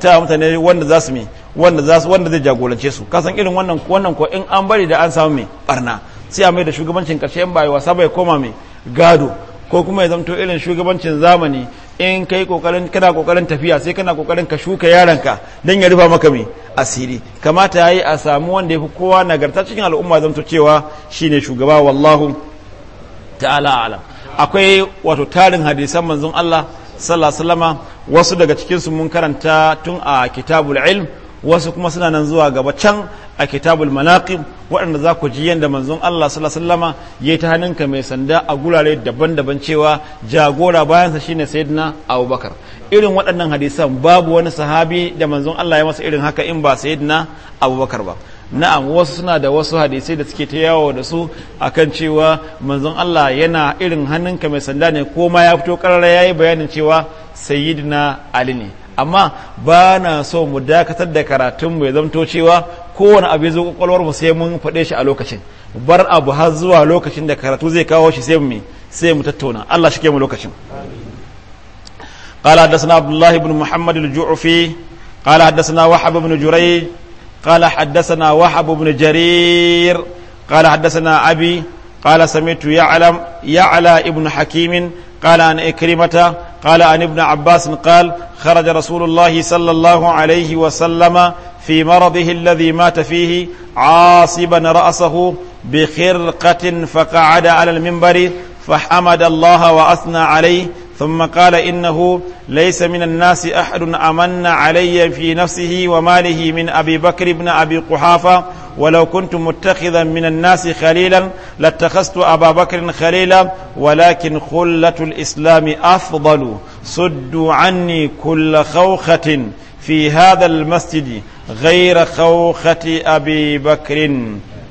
ta mutane wanda za su me wanda zai jagorance su kasan irin wannan wannan ko in an bari da an samu mai barna sai a mai da shugabancin karshe in bai wasa bai koma mai gado ko kuma ya zamto irin shugabancin zamani in kai kokarin kana kokarin tafiya sai kana kokarin ka shuka yaran ka dan ya rufa maka mai asiri kamata yayi a samu wanda ya fi kowa nagarta cikin al'umma zamto cewa shine shugaba wallahu ta'ala alam akwai wato tarin hadisan manzon Allah sallallahu wasu daga cikin su mun karanta tun a kitabul ilm wasu kuma suna nan zuwa gaba can a kitabul manaqib waɗanda za ku ji yadda manzon Allah sallallahu alaihi wasallam yayi ta hannunka mai sanda a gurare daban-daban cewa jagora bayansa sa shine sayyidina Abubakar irin waɗannan hadisan babu wani sahabi da manzon Allah ya masa irin haka in ba sayyidina Abubakar ba na'am wasu suna da wasu hadisai da suke ta yawo da su akan cewa manzon Allah yana irin hannunka mai sanda ne ko ma ya fito karara yayi bayanin cewa sayyidina Ali ne amma ba na so mu dakatar da karatun mai zamto cewa kowane abu zo kwakwalwar mu sai mun faɗe shi a lokacin bar abu har zuwa lokacin da karatu zai kawo shi sai mu sai mu tattauna Allah shi ke mu lokacin قال حدثنا عبد الله بن محمد الجعفي قال حدثنا وحب بن جريج قال حدثنا وهب بن جرير قال حدثنا أبي قال سمعت يعلم يعلى ابن حكيم قال عن إكرمة قال عن ابن عباس قال خرج رسول الله صلى الله عليه وسلم في مرضه الذي مات فيه عاصبا رأسه بخرقة فقعد على المنبر فحمد الله وأثنى عليه ثم قال إنه ليس من الناس أحد أمن علي في نفسه وماله من أبي بكر بن أبي قحافة ولو كنت متخذا من الناس خليلا لاتخذت أبا بكر خليلا ولكن خلة الإسلام أفضل سدوا عني كل خوخة في هذا المسجد غير خوخة أبي بكر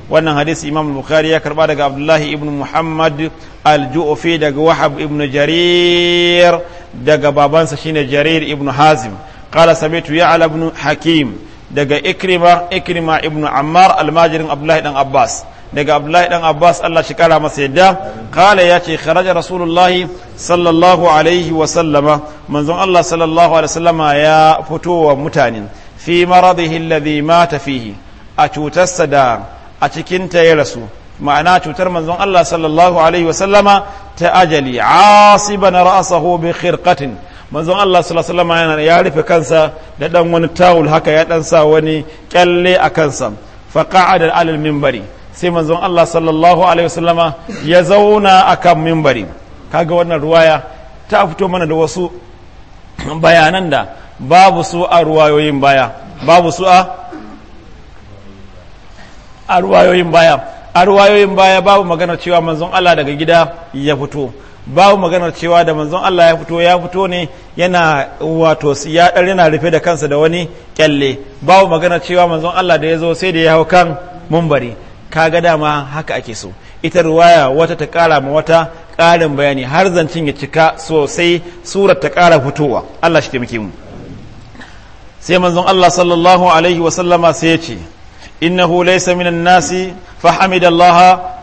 wannan hadisi imam bukhari ya karba daga abdullahi ibn muhammad al-ju'fi daga wahab ibn jarir daga babansa shine jarir ibn hazim qala samitu ya ibn hakim daga ikrima ikrima ibn ammar almajirin abdullahi dan abbas daga abdullahi dan abbas Allah shi kara masa yadda qala ya ce kharaja rasulullahi sallallahu alaihi wa sallama manzon Allah sallallahu alaihi wa sallama ya fito wa mutanen fi maradihi alladhi mata fihi a cutarsa da a cikinta ya rasu ma'ana cutar manzon Allah sallallahu alaihi wasallama ta ajali asiban ra'sahu bi khirqatin manzon Allah sallallahu alaihi wasallama ya rufe kansa da dan wani tawul haka ya dan sa wani kyalle a kansa fa qa'ada alal minbari sai manzon Allah sallallahu alaihi wasallama ya zauna akan minbari kaga wannan ruwaya ta fito mana da wasu bayanan da babu su a ruwayoyin baya babu su a a ruwayoyin baya a ruwayoyin baya babu maganar cewa manzon Allah daga gida ya fito babu maganar cewa da manzon Allah ya fito ya fito ne yana wato ya dar yana rufe da kansa da wani kyalle babu maganar cewa manzon Allah da ya zo sai da ya hau kan mumbari kaga dama haka ake so ita ruwaya wata ta kara ma wata ƙarin bayani har zancin ya cika sosai surar ta kara fitowa Allah shi muke mu sai manzon Allah sallallahu alaihi wa sallama sai ya ce innahu laysa nasi fa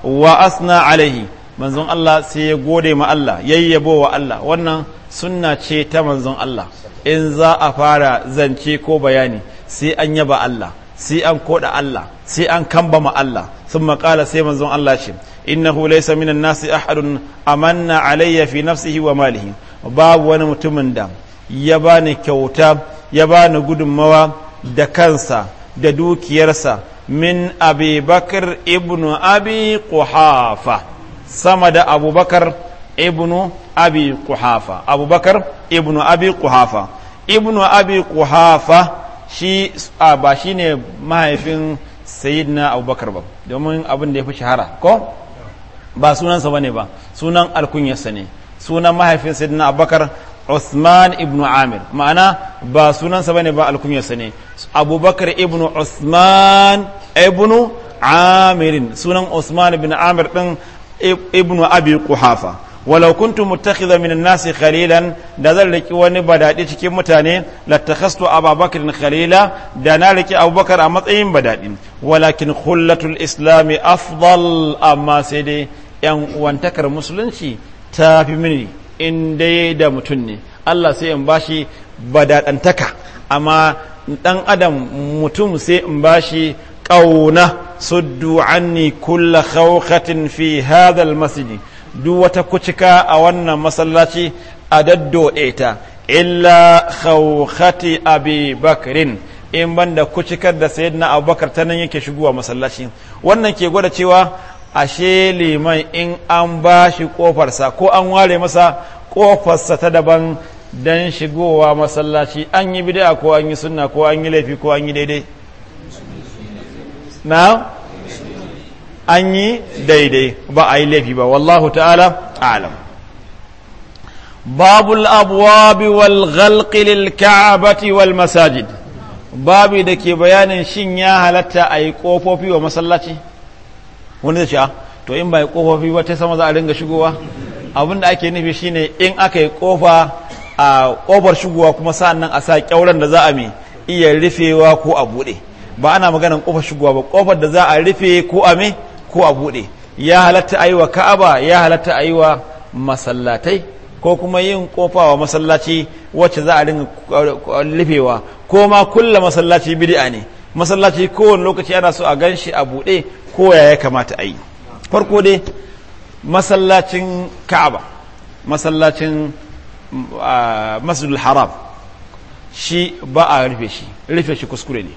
wa asna alaihi manzon Allah sai ya gode ma Allah yabo wa Allah wannan sunna ce ta manzon Allah in za a fara zance ko bayani sai an yaba Allah sai an koda Allah sai an kambama Allah sun maƙala sai manzon Allah ce innahu laysa minan nasi ahadun amanna alayya fi nafsihi wa malihi babu wani mutumin da ya bani kyauta ya bani gudunmawa da kansa da dukiyarsa min abi bakar ibnu abi kuhafa sama da abubakar ibnu abi kuhafa abubakar ibnu abi kuhafa ibnu abi kuhafa shi a ba shi ne mahaifin sayidina abubakar ba domin abin da ya fi shahara ko ba sunansa ba ne ba sunan alkunyarsa ne sunan mahaifin sayidina abubakar Uthman ibn Amir ma'ana ba sunansa bane ba alkunyarsa ne Abubakar ibn Uthman ibn Amir sunan Uthman ibn Amir din ibn Abi Quhafa walau kuntu muttakhidha min an-nas khalilan da zan riki wani badadi cikin mutane latakhastu ababakar khalila da na riki abubakar a matsayin badadi walakin khullatul islami afdal amma sai dai yan uwantakar musulunci ta fi mini in dai da mutum ne Allah sai in bashi badaɗantaka. amma dan adam mutum sai in bashi ƙauna suddu anni kulla khawqatin fi hadha almasjid duk wata kucika a wannan masallaci a daddo ta illa khawqati abi bakrin in banda kucikar da sayyidina abubakar ta nan yake shigowa masallaci wannan ke gwada cewa ashe liman in an ba shi ƙofarsa ko an ware masa ƙofarsa ta daban don shigowa masallaci an yi bid'a ko an yi sunna ko an yi laifi ko an yi daidai na an yi daidai ba a yi laifi ba wallahu ta'ala alam babu al'abuwa wal ghalqilil ka'abati wal masajid babu da ke bayanin shin ya halatta a yi ƙofofi wa masallaci wani zai ce ah, to in ba kofofi ba ta sama za a ringa shigowa abin da ake nufi shine in aka yi kofa a kofar shigowa kuma sa'annan a sa kyauran da za a mi iya rufewa ko a bude ba ana maganar kofar shigowa ba kofar da za a rufe ko a mi ko a bude ya halatta a yi wa ka'aba ya halatta a yi wa masallatai ko kuma yin kofa wa masallaci wacce za a ringa uh, rufewa ko ma kulla masallaci bid'a ne masallaci kowane lokaci ana so a gan shi a buɗe ko ya ya kamata a yi farko dai masallacin ka'aba masallacin masjidul haram shi ba a rufe shi rufe shi kuskure ne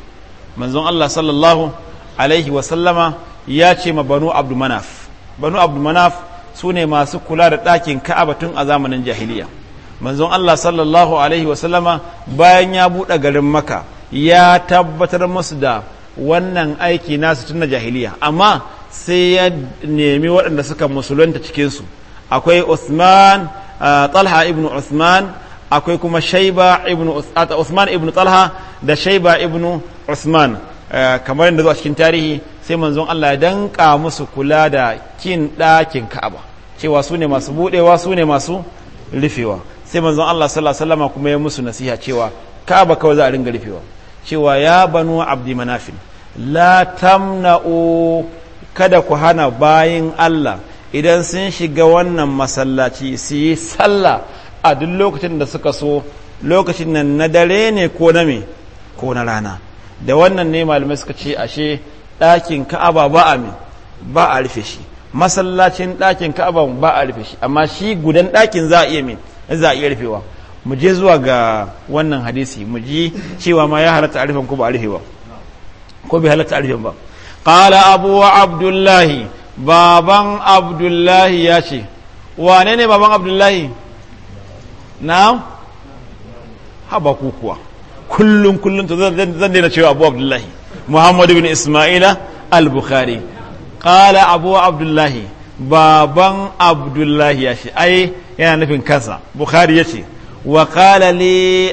manzon Allah sallallahu alaihi wasallama ya ce ma banu abdu manaf banu abdu manaf su ne masu kula da ɗakin ka'aba tun a zamanin jahiliya manzon Allah sallallahu alaihi wasallama bayan ya buɗe garin maka ya tabbatar musu da wannan aiki nasu tun na jahiliya amma sai ya nemi waɗanda suka musulunta cikinsu akwai Usman uh, Talha ibn Usman akwai kuma Shaiba ibn uh, Usman ibn Talha da Shaiba ibn Usman uh, kamar yadda zuwa cikin tarihi sai manzon Allah ya danka musu kula da kin ɗakin Ka'aba cewa su ne masu buɗewa su ne masu rufewa sai manzon Allah sallallahu alaihi kuma ya musu nasiha cewa Ka'aba kawai za a ringa rufewa cewa ya banu abdi manafin la tamna'u kada ku hana bayin Allah idan sun shiga wannan masallaci su yi sallah a duk lokacin da suka so lokacin nan na dare ne ko na me ko na rana da wannan ne malamai suka ce ashe ɗakin ka'aba ba a ba a rufe shi masallacin ɗakin ka'aba ba a rufe shi amma shi gudan ɗakin za a iya min za a iya rufewa mu je zuwa ga wannan hadisi mu ji cewa ma ya halatta arifin ko ba arife ba ko bai halatta arifin ba qala abu abdullahi baban abdullahi ya ce wane ne baban abdullahi na haba kukuwa kullum kullum to zan daina cewa abu abdullahi muhammad bin isma'ila al-bukhari qala abu abdullahi baban abdullahi ya ce ai yana nufin kansa bukhari ya ce wa kala li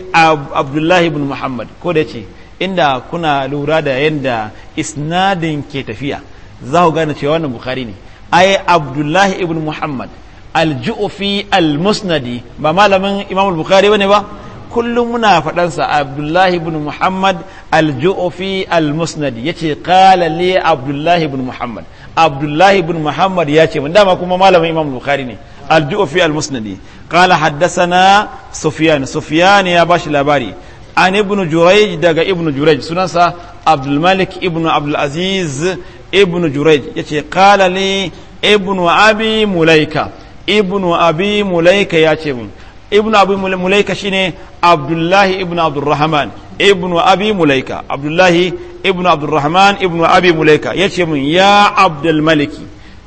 abdullahi bin muhammad ko da ce inda kuna lura da yadda isnadin ke tafiya za ku gane cewa wannan bukari ne ai abdullahi ibn muhammad al-ju'fi al-musnadi ba malamin imam al-bukhari bane ba kullum muna faɗansa abdullahi ibn muhammad al-ju'fi al musnadi yace qala li abdullahi ibn muhammad abdullahi ibn muhammad ya ce mun dama kuma malamin imam bukhari ne الجو في المسند قال حدثنا سفيان سفيان يا باش لاباري عن ابن جريج دغ ابن جريج سننسى عبد الملك ابن عبد العزيز ابن جريج يتي قال لي ابن ابي مليكة ابن ابي مليكة يا ابن ابي مليكة شيني عبد الله ابن عبد الرحمن ابن ابي مليكة عبد الله ابن عبد الرحمن ابن أبي مليكة يتي يا عبد الملك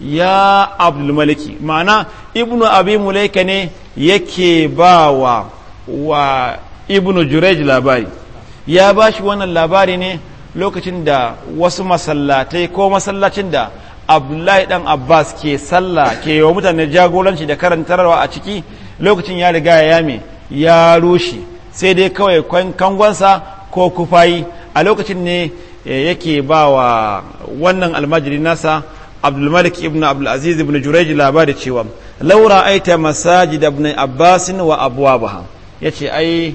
ya abdul maliki ma'ana ibnu abi mulaika ne yake ba wa wa ibnu jurej labari ya ba shi wannan labari ne lokacin da wasu masallatai ko masallacin da abdullahi dan abbas ke sallah ke wa mutane jagoranci da karantarwa a ciki lokacin ya riga ya yame ya rushe sai dai kawai kangonsa ko kufayi a lokacin ne eh, yake ba wa wannan almajiri nasa abdulmalik ibn abdulaziz ibn jurej labari cewa laura aita masajid ibn abbasin wa abuwa ya ce ai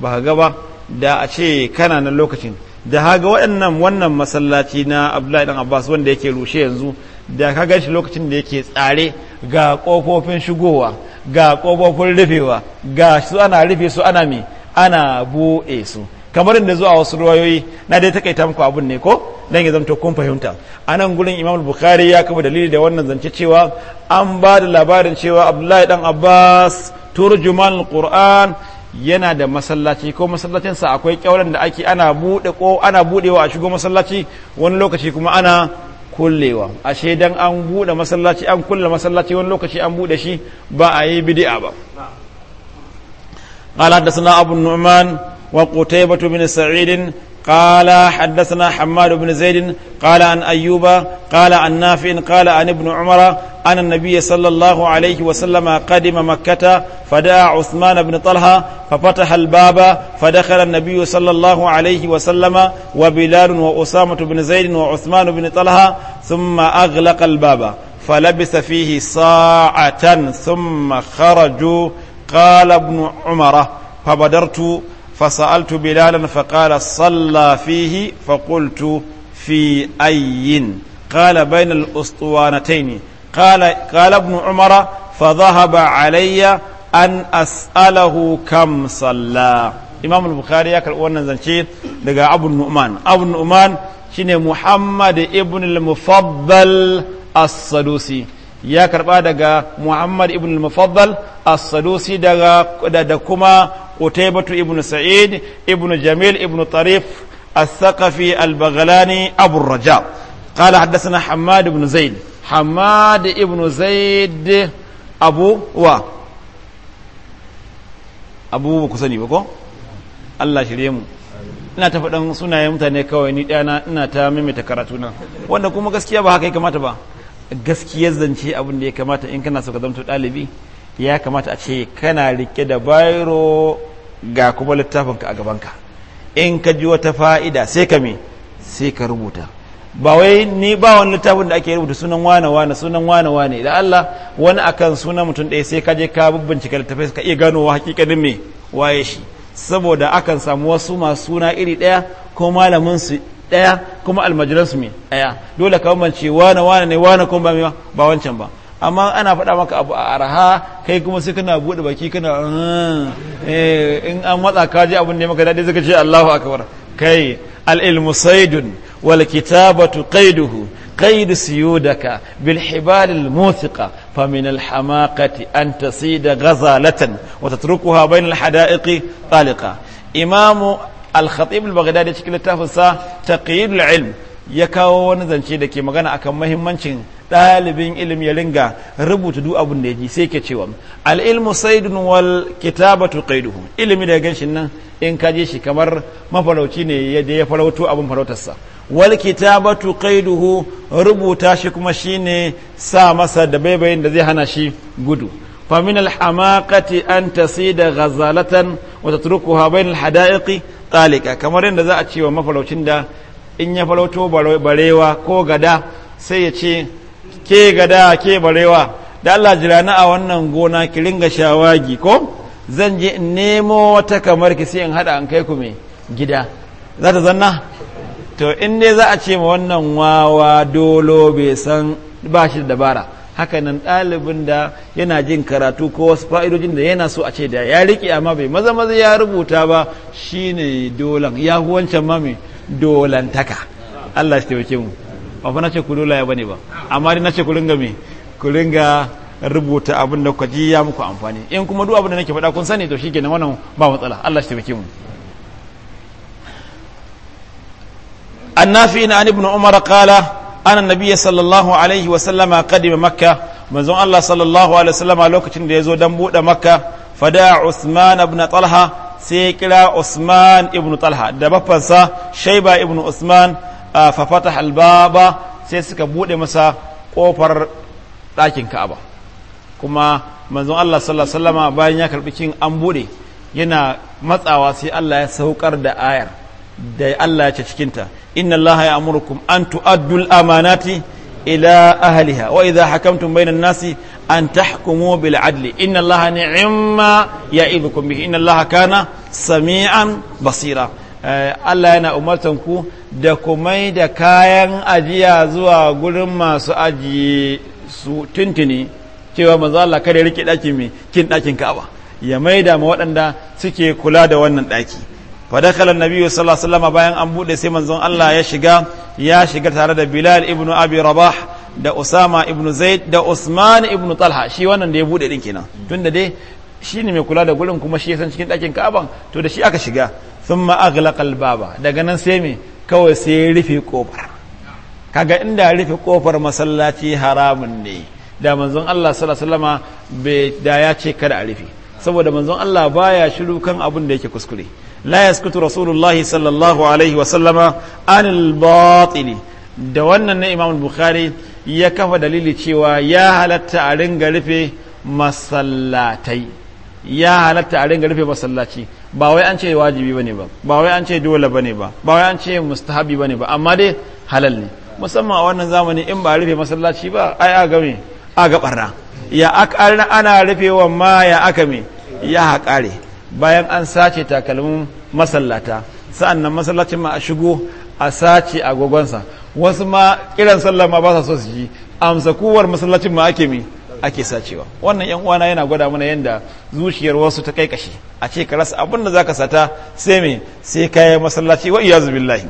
ba ga ba da a ce kana nan lokacin da haga waɗannan wannan masallaci na abdullahi abbas wanda yake rushe yanzu da ka gan shi lokacin da yake tsare ga ƙofofin shigowa ga ƙofofin rufewa ga su ana rufe su ana me ana buɗe su kamar da zuwa wasu ruwayoyi na dai takaita muku abun ne ko dan ya zanto kun fahimta anan gurin Imam Bukhari ya kafa dalili da wannan zance cewa an ba da labarin cewa Abdullahi dan Abbas turjuman alquran yana da masallaci ko sa akwai kyauran da ake ana bude ko ana budewa a shigo masallaci wani lokaci kuma ana kullewa ashe dan an bude masallaci an kulle masallaci wani lokaci an bude shi ba a yi bid'a ba قال حدثنا أبو النعمان وقتيبة بن سعيد قال حدثنا حماد بن زيد قال عن أيوب قال عن نافع قال عن ابن عمر أن النبي صلى الله عليه وسلم قدم مكة فدعا عثمان بن طلحة ففتح الباب فدخل النبي صلى الله عليه وسلم وبلال وأسامة بن زيد وعثمان بن طلحة ثم أغلق الباب فلبث فيه ساعة ثم خرجوا قال ابن عمر فبدرت فسألت بلالا فقال صلى فيه فقلت في أي قال بين الأسطوانتين قال, قال ابن عمر فذهب علي أن أسأله كم صلى إمام البخاري يقول وانا زنشيت لقى أبو النؤمان أبو النؤمان شنو محمد ابن المفضل الصدوسي ya karba daga Muhammad ibn al-Mufaddal as-Sadusi daga da, da kuma قتيبة ابن سعيد ابن جميل ابن طريف الثقفي البغلاني أبو الرجاء قال حدثنا حماد بن زيد حماد ابن زيد أبو و أبو كسني بكو الله شريمه ina ta faɗan sunayen mutane kawai ni ɗana ina ta mimita karatuna wanda kuma gaskiya ba haka ya kamata ba gaskiyar zance abin da ya kamata in kana so ka zamto ɗalibi ya kamata a ce kana rike da bayro ga kuma ka a gabanka in ka ji wata fa'ida sai ka me sai ka rubuta ba wai ni ba wani littafin da ake rubuta sunan wane wane sunan wane wane da Allah wani akan sunan mutum ɗaya sai ka je ka bincika littafin ka iya ganowa hakikanin me waye shi saboda akan samu wasu masu suna iri ɗaya ko malamin su ɗaya kuma almajiransu me ɗaya dole ka bambance wane wane ne wane kuma ba wancan ba amma ana faɗa maka abu a araha kai kuma sai kana buɗe baki kana ah, eh, in an matsa ka ji abin da ya maka daɗi zaka ce Allahu akbar kai al-ilmu saydun wal kitabatu qayduhu qayd siyudaka bil hibal al muthiqa fa min al hamaqati an tasida ghazalatan wa tatrukuha bain al hadaiqi taliqa imam al khatib al cikin littafinsa taqyid al ilm ya kawo wani zance dake magana akan muhimmancin ɗalibin ilimi ya ringa rubuta duk abin da ya ji sai ke cewa al'ilmu saidun wal kitabatu qaiduhu ilimi da ganshin nan in ka je shi kamar mafarauci ne da ya farauto abin farautarsa wal kitabatu qaiduhu rubuta shi kuma shine sa masa da baibayin da zai hana shi gudu an ghazalatan wata أن تصيد غزالة talika kamar الحدائق za a cewa ذا da in ya ya barewa ko ko sai ya yace. ke gada ke barewa da Allah jira ni a wannan gona ki ringa shawagi ko zan je in nemo wata kamar ki sai in hada an kai ku me gida za ta zanna to in ne za a ce ma wannan wawa dolo bai san ba shi da dabara haka nan ɗalibin da yana jin karatu ko wasu fa'idojin da yana so a ce da ya riƙe amma bai maza maza ya rubuta ba shine dolan ya wancan ma mai dolantaka Allah shi taimake mu ba fa ce ku lolaya bane ba amma dai ce ku ringa me ku ringa rubuta abin da kwaji ya muku amfani in kuma duk abin da nake faɗa kun sani to shikenan wannan ba matsala Allah shi taimake mu annafi ina an ibn umar qala ana nabiyyi sallallahu alaihi wa sallama qadima makka manzon Allah sallallahu alaihi wa sallama lokacin da yazo dan bude makka fada usman ibn talha sai kira usman ibn talha da bafansa shaiba ibn usman Ah, fa fataha albaba sai suka bude masa kofar ɗakin Ka'aba kuma manzon Allah sallallahu alaihi wasallama bayan ya karbi kin an bude yana matsawa sai Allah ya saukar da ayar da Allah ya ce cikinta inna Allah ya amurukum an tu'addul amanati ila ahliha wa idha hakamtum bainan nasi an tahkumu bil adli inna Allah ni'ma ya'idukum bihi inna Allah kana sami'an basira Eh, Allah yana umartanku da kumai da kayan ajiya zuwa gurin masu ajiye su tuntuni cewa maza Allah kada rike ɗakin mai kin ɗakin Ka'aba ya mai da ma waɗanda suke kula da wannan ɗaki fadakala nabi sallallahu alaihi wasallam bayan an buɗe sai manzon Allah ya shiga ya shiga tare da Bilal ibn Abi Rabah da Usama ibn Zaid da Usman ibn Talha shi wannan da ya bude din kenan tunda dai shi ne mai kula da gurin kuma shi ya san cikin ɗakin Ka'aban to da shi aka shiga sun ma'agalakal baba daga nan sai mai kawai sai rufe kofar kaga inda rufe kofar masallaci haramun ne da manzon Allah sallama bai da ya ce kada a rufe saboda manzon Allah baya shiru kan abin da yake kuskure la yaskutu rasulullahi sallallahu alaihi wa sallama anil batili da wannan na imam bukhari ya kafa dalili cewa ya halatta a ringa rufe masallatai ya halatta a ringa rufe masallaci ba wai an ce wajibi bane ba ba wai an ce dole bane ba ba wai an ce mustahabi bane ba amma dai halal ne musamman a wannan zamani in ba rufe masallaci ba ai a game a ga barna ya aka ana rufe wa ma ya aka me ya haƙare bayan an sace takalmin masallata sa'an nan masallacin ma a shigo a sace agogonsa wasu ma kiran sallah ma ba sa so su ji amsa kuwar masallacin ma ake mi ake sacewa wannan yan uwana yana gwada mana yanda zuciyar wasu ta kai kashi a ce ka rasa abin da zaka sata sai me sai kaya masallaci wa iyazu billahi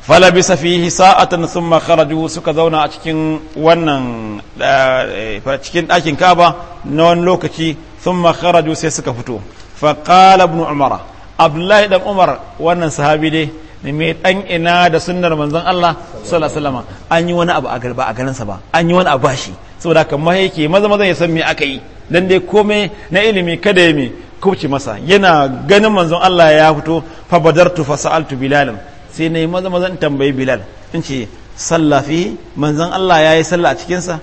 falabisa fihi sa'atan thumma kharaju suka zauna a cikin wannan eh, eh, cikin ɗakin kaba na wani lokaci sun kharaju sai suka fito fa qala ibn umara abdullahi dan umar wannan sahabi dai mai dan ina da sunnar manzon Allah sallallahu alaihi an yi wani abu a a garinsa ba an yi wani abu shi saboda kamar yake maza maza ya san me aka yi dan dai komai na ilimi kada ya me kubce masa yana ganin manzon Allah ya fito fa badartu fa sa'altu bilal sai nayi maza maza tambayi bilal in ce sallah fi manzon Allah yayi sallah a cikin sa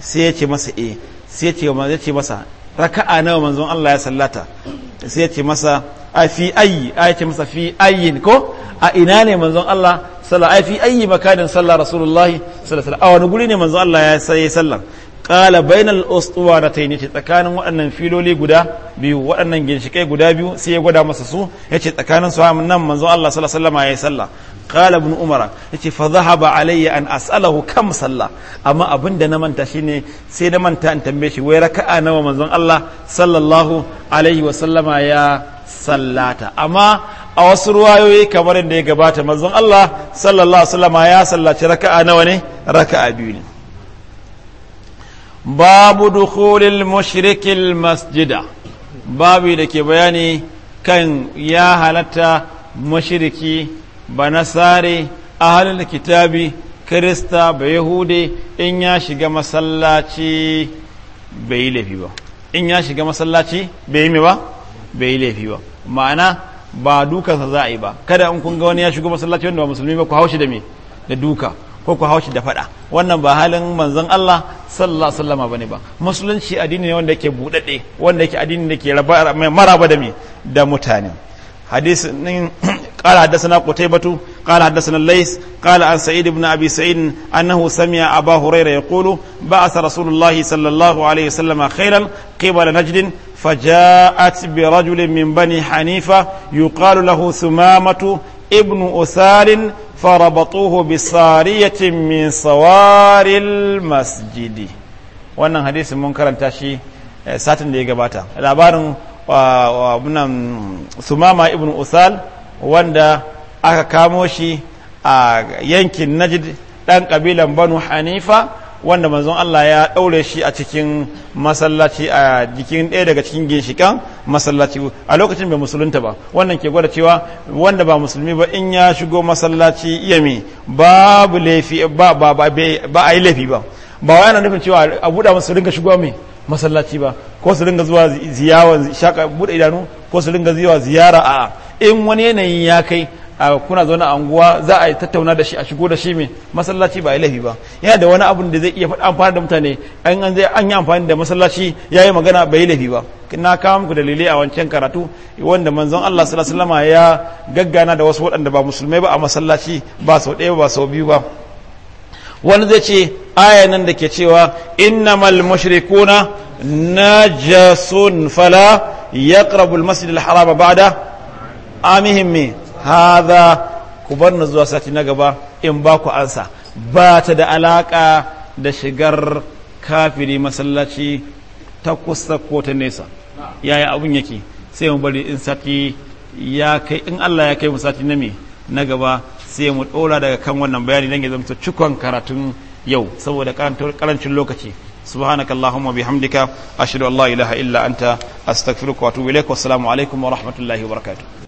sai ya ce masa eh sai ya ce masa raka'a nawa manzon Allah ya sallata sai ya ce masa a fi ayi a ayyace masa fi ayyin ko a ina ne manzon Allah sallallahu a fi ayi makanin sallah rasulullahi sallallahu alaihi a wani guri ne manzon Allah ya sai sallar qala bainal uswanatayn yace tsakanin waɗannan filoli guda biyu waɗannan ginshikai guda biyu sai ya gwada masa su yace tsakanin su nan manzon Allah sallallahu alaihi wasallam ya sallah qala ibn umar yace fa dhahaba alayya an as'alahu kam salla amma abin da na manta shine sai na manta in tambaye shi wai raka'a nawa manzon Allah sallallahu alaihi wasallama ya sallata amma a wasu ruwayoyi kamar da ya gabata mazan Allah sallallahu alaihi wasallam ya sallaci raka'a nawa ne raka'a biyu ne babu dukhulil mushrikil masjida babu da ke bayani kan ya halatta mushriki a ahalin kitabi kirista ba yahude in ya shiga masallaci bai yi laifi ba in ya shiga masallaci bai yi ba bai laifi ba ma'ana ba dukansa za a yi ba kada in kun ga wani ya shigo masallaci wanda ba musulmi ba ku haushi da me da duka ko ku haushi da fada wannan ba halin manzon Allah sallallahu alaihi wasallama bane ba musulunci addini ne wanda yake budade wanda yake addini ne ke maraba da me da mutane hadisin قال حدثنا قتيبة قال حدثنا الليث قال عن سعيد بن أبي سعيد أنه سمع أبا هريرة يقول بعث رسول الله صلى الله عليه وسلم خيلا قبل فجاءت برجل من بني حنيفة يقال له ثمامة ابن أسال فربطوه بصارية من صوار المسجد wannan hadisi mun karanta shi satin da ya gabata labarin sumama ibn usal wanda aka kamo shi a yankin najd dan kabilan banu hanifa wanda manzon Allah ya ɗaure shi a cikin masallaci a jikin ɗaya daga cikin ginshikan masallaci a lokacin bai musulunta ba wannan ke gwada cewa wanda ba musulmi ba in ya shigo masallaci iya babu laifi ba ba ba a yi laifi ba ba wa yana nufin cewa a buɗa masu ringa shigo mai masallaci ba ko su ringa zuwa ziyawa shaka buɗe idanu ko su ringa zuwa ziyara a in wani yanayi ya kai A kuna zaune a anguwa za a yi tattauna da shi a shigo da shi mai masallaci ba ilahi ba yana da wani abun da zai iya faɗa amfani da mutane an zai an yi amfani da masallaci ya yi magana bai laifi ba na kawo muku dalilai a wancan karatu wanda manzon Allah sallallahu alaihi ya gaggana da wasu waɗanda ba musulmai ba a masallaci ba sau ɗaya ba sau biyu ba wani zai ce aya nan da ke cewa innamal mushrikuna najasun fala yaqrabul masjidal harama ba'da amihim hada ku bar na zuwa sati na gaba in ba ku ansa ba ta da alaka da shigar kafiri masallaci ta kusa ko ta nesa yaya abun yake sai mu bari in sati ya kai in Allah ya kai mu sati na me na gaba sai mu dora daga kan wannan bayani dan ya zama cikon karatun yau saboda karancin lokaci سبحانك اللهم وبحمدك أشهد أن لا إله إلا أنت أستغفرك وأتوب إليك والسلام عليكم ورحمة الله وبركاته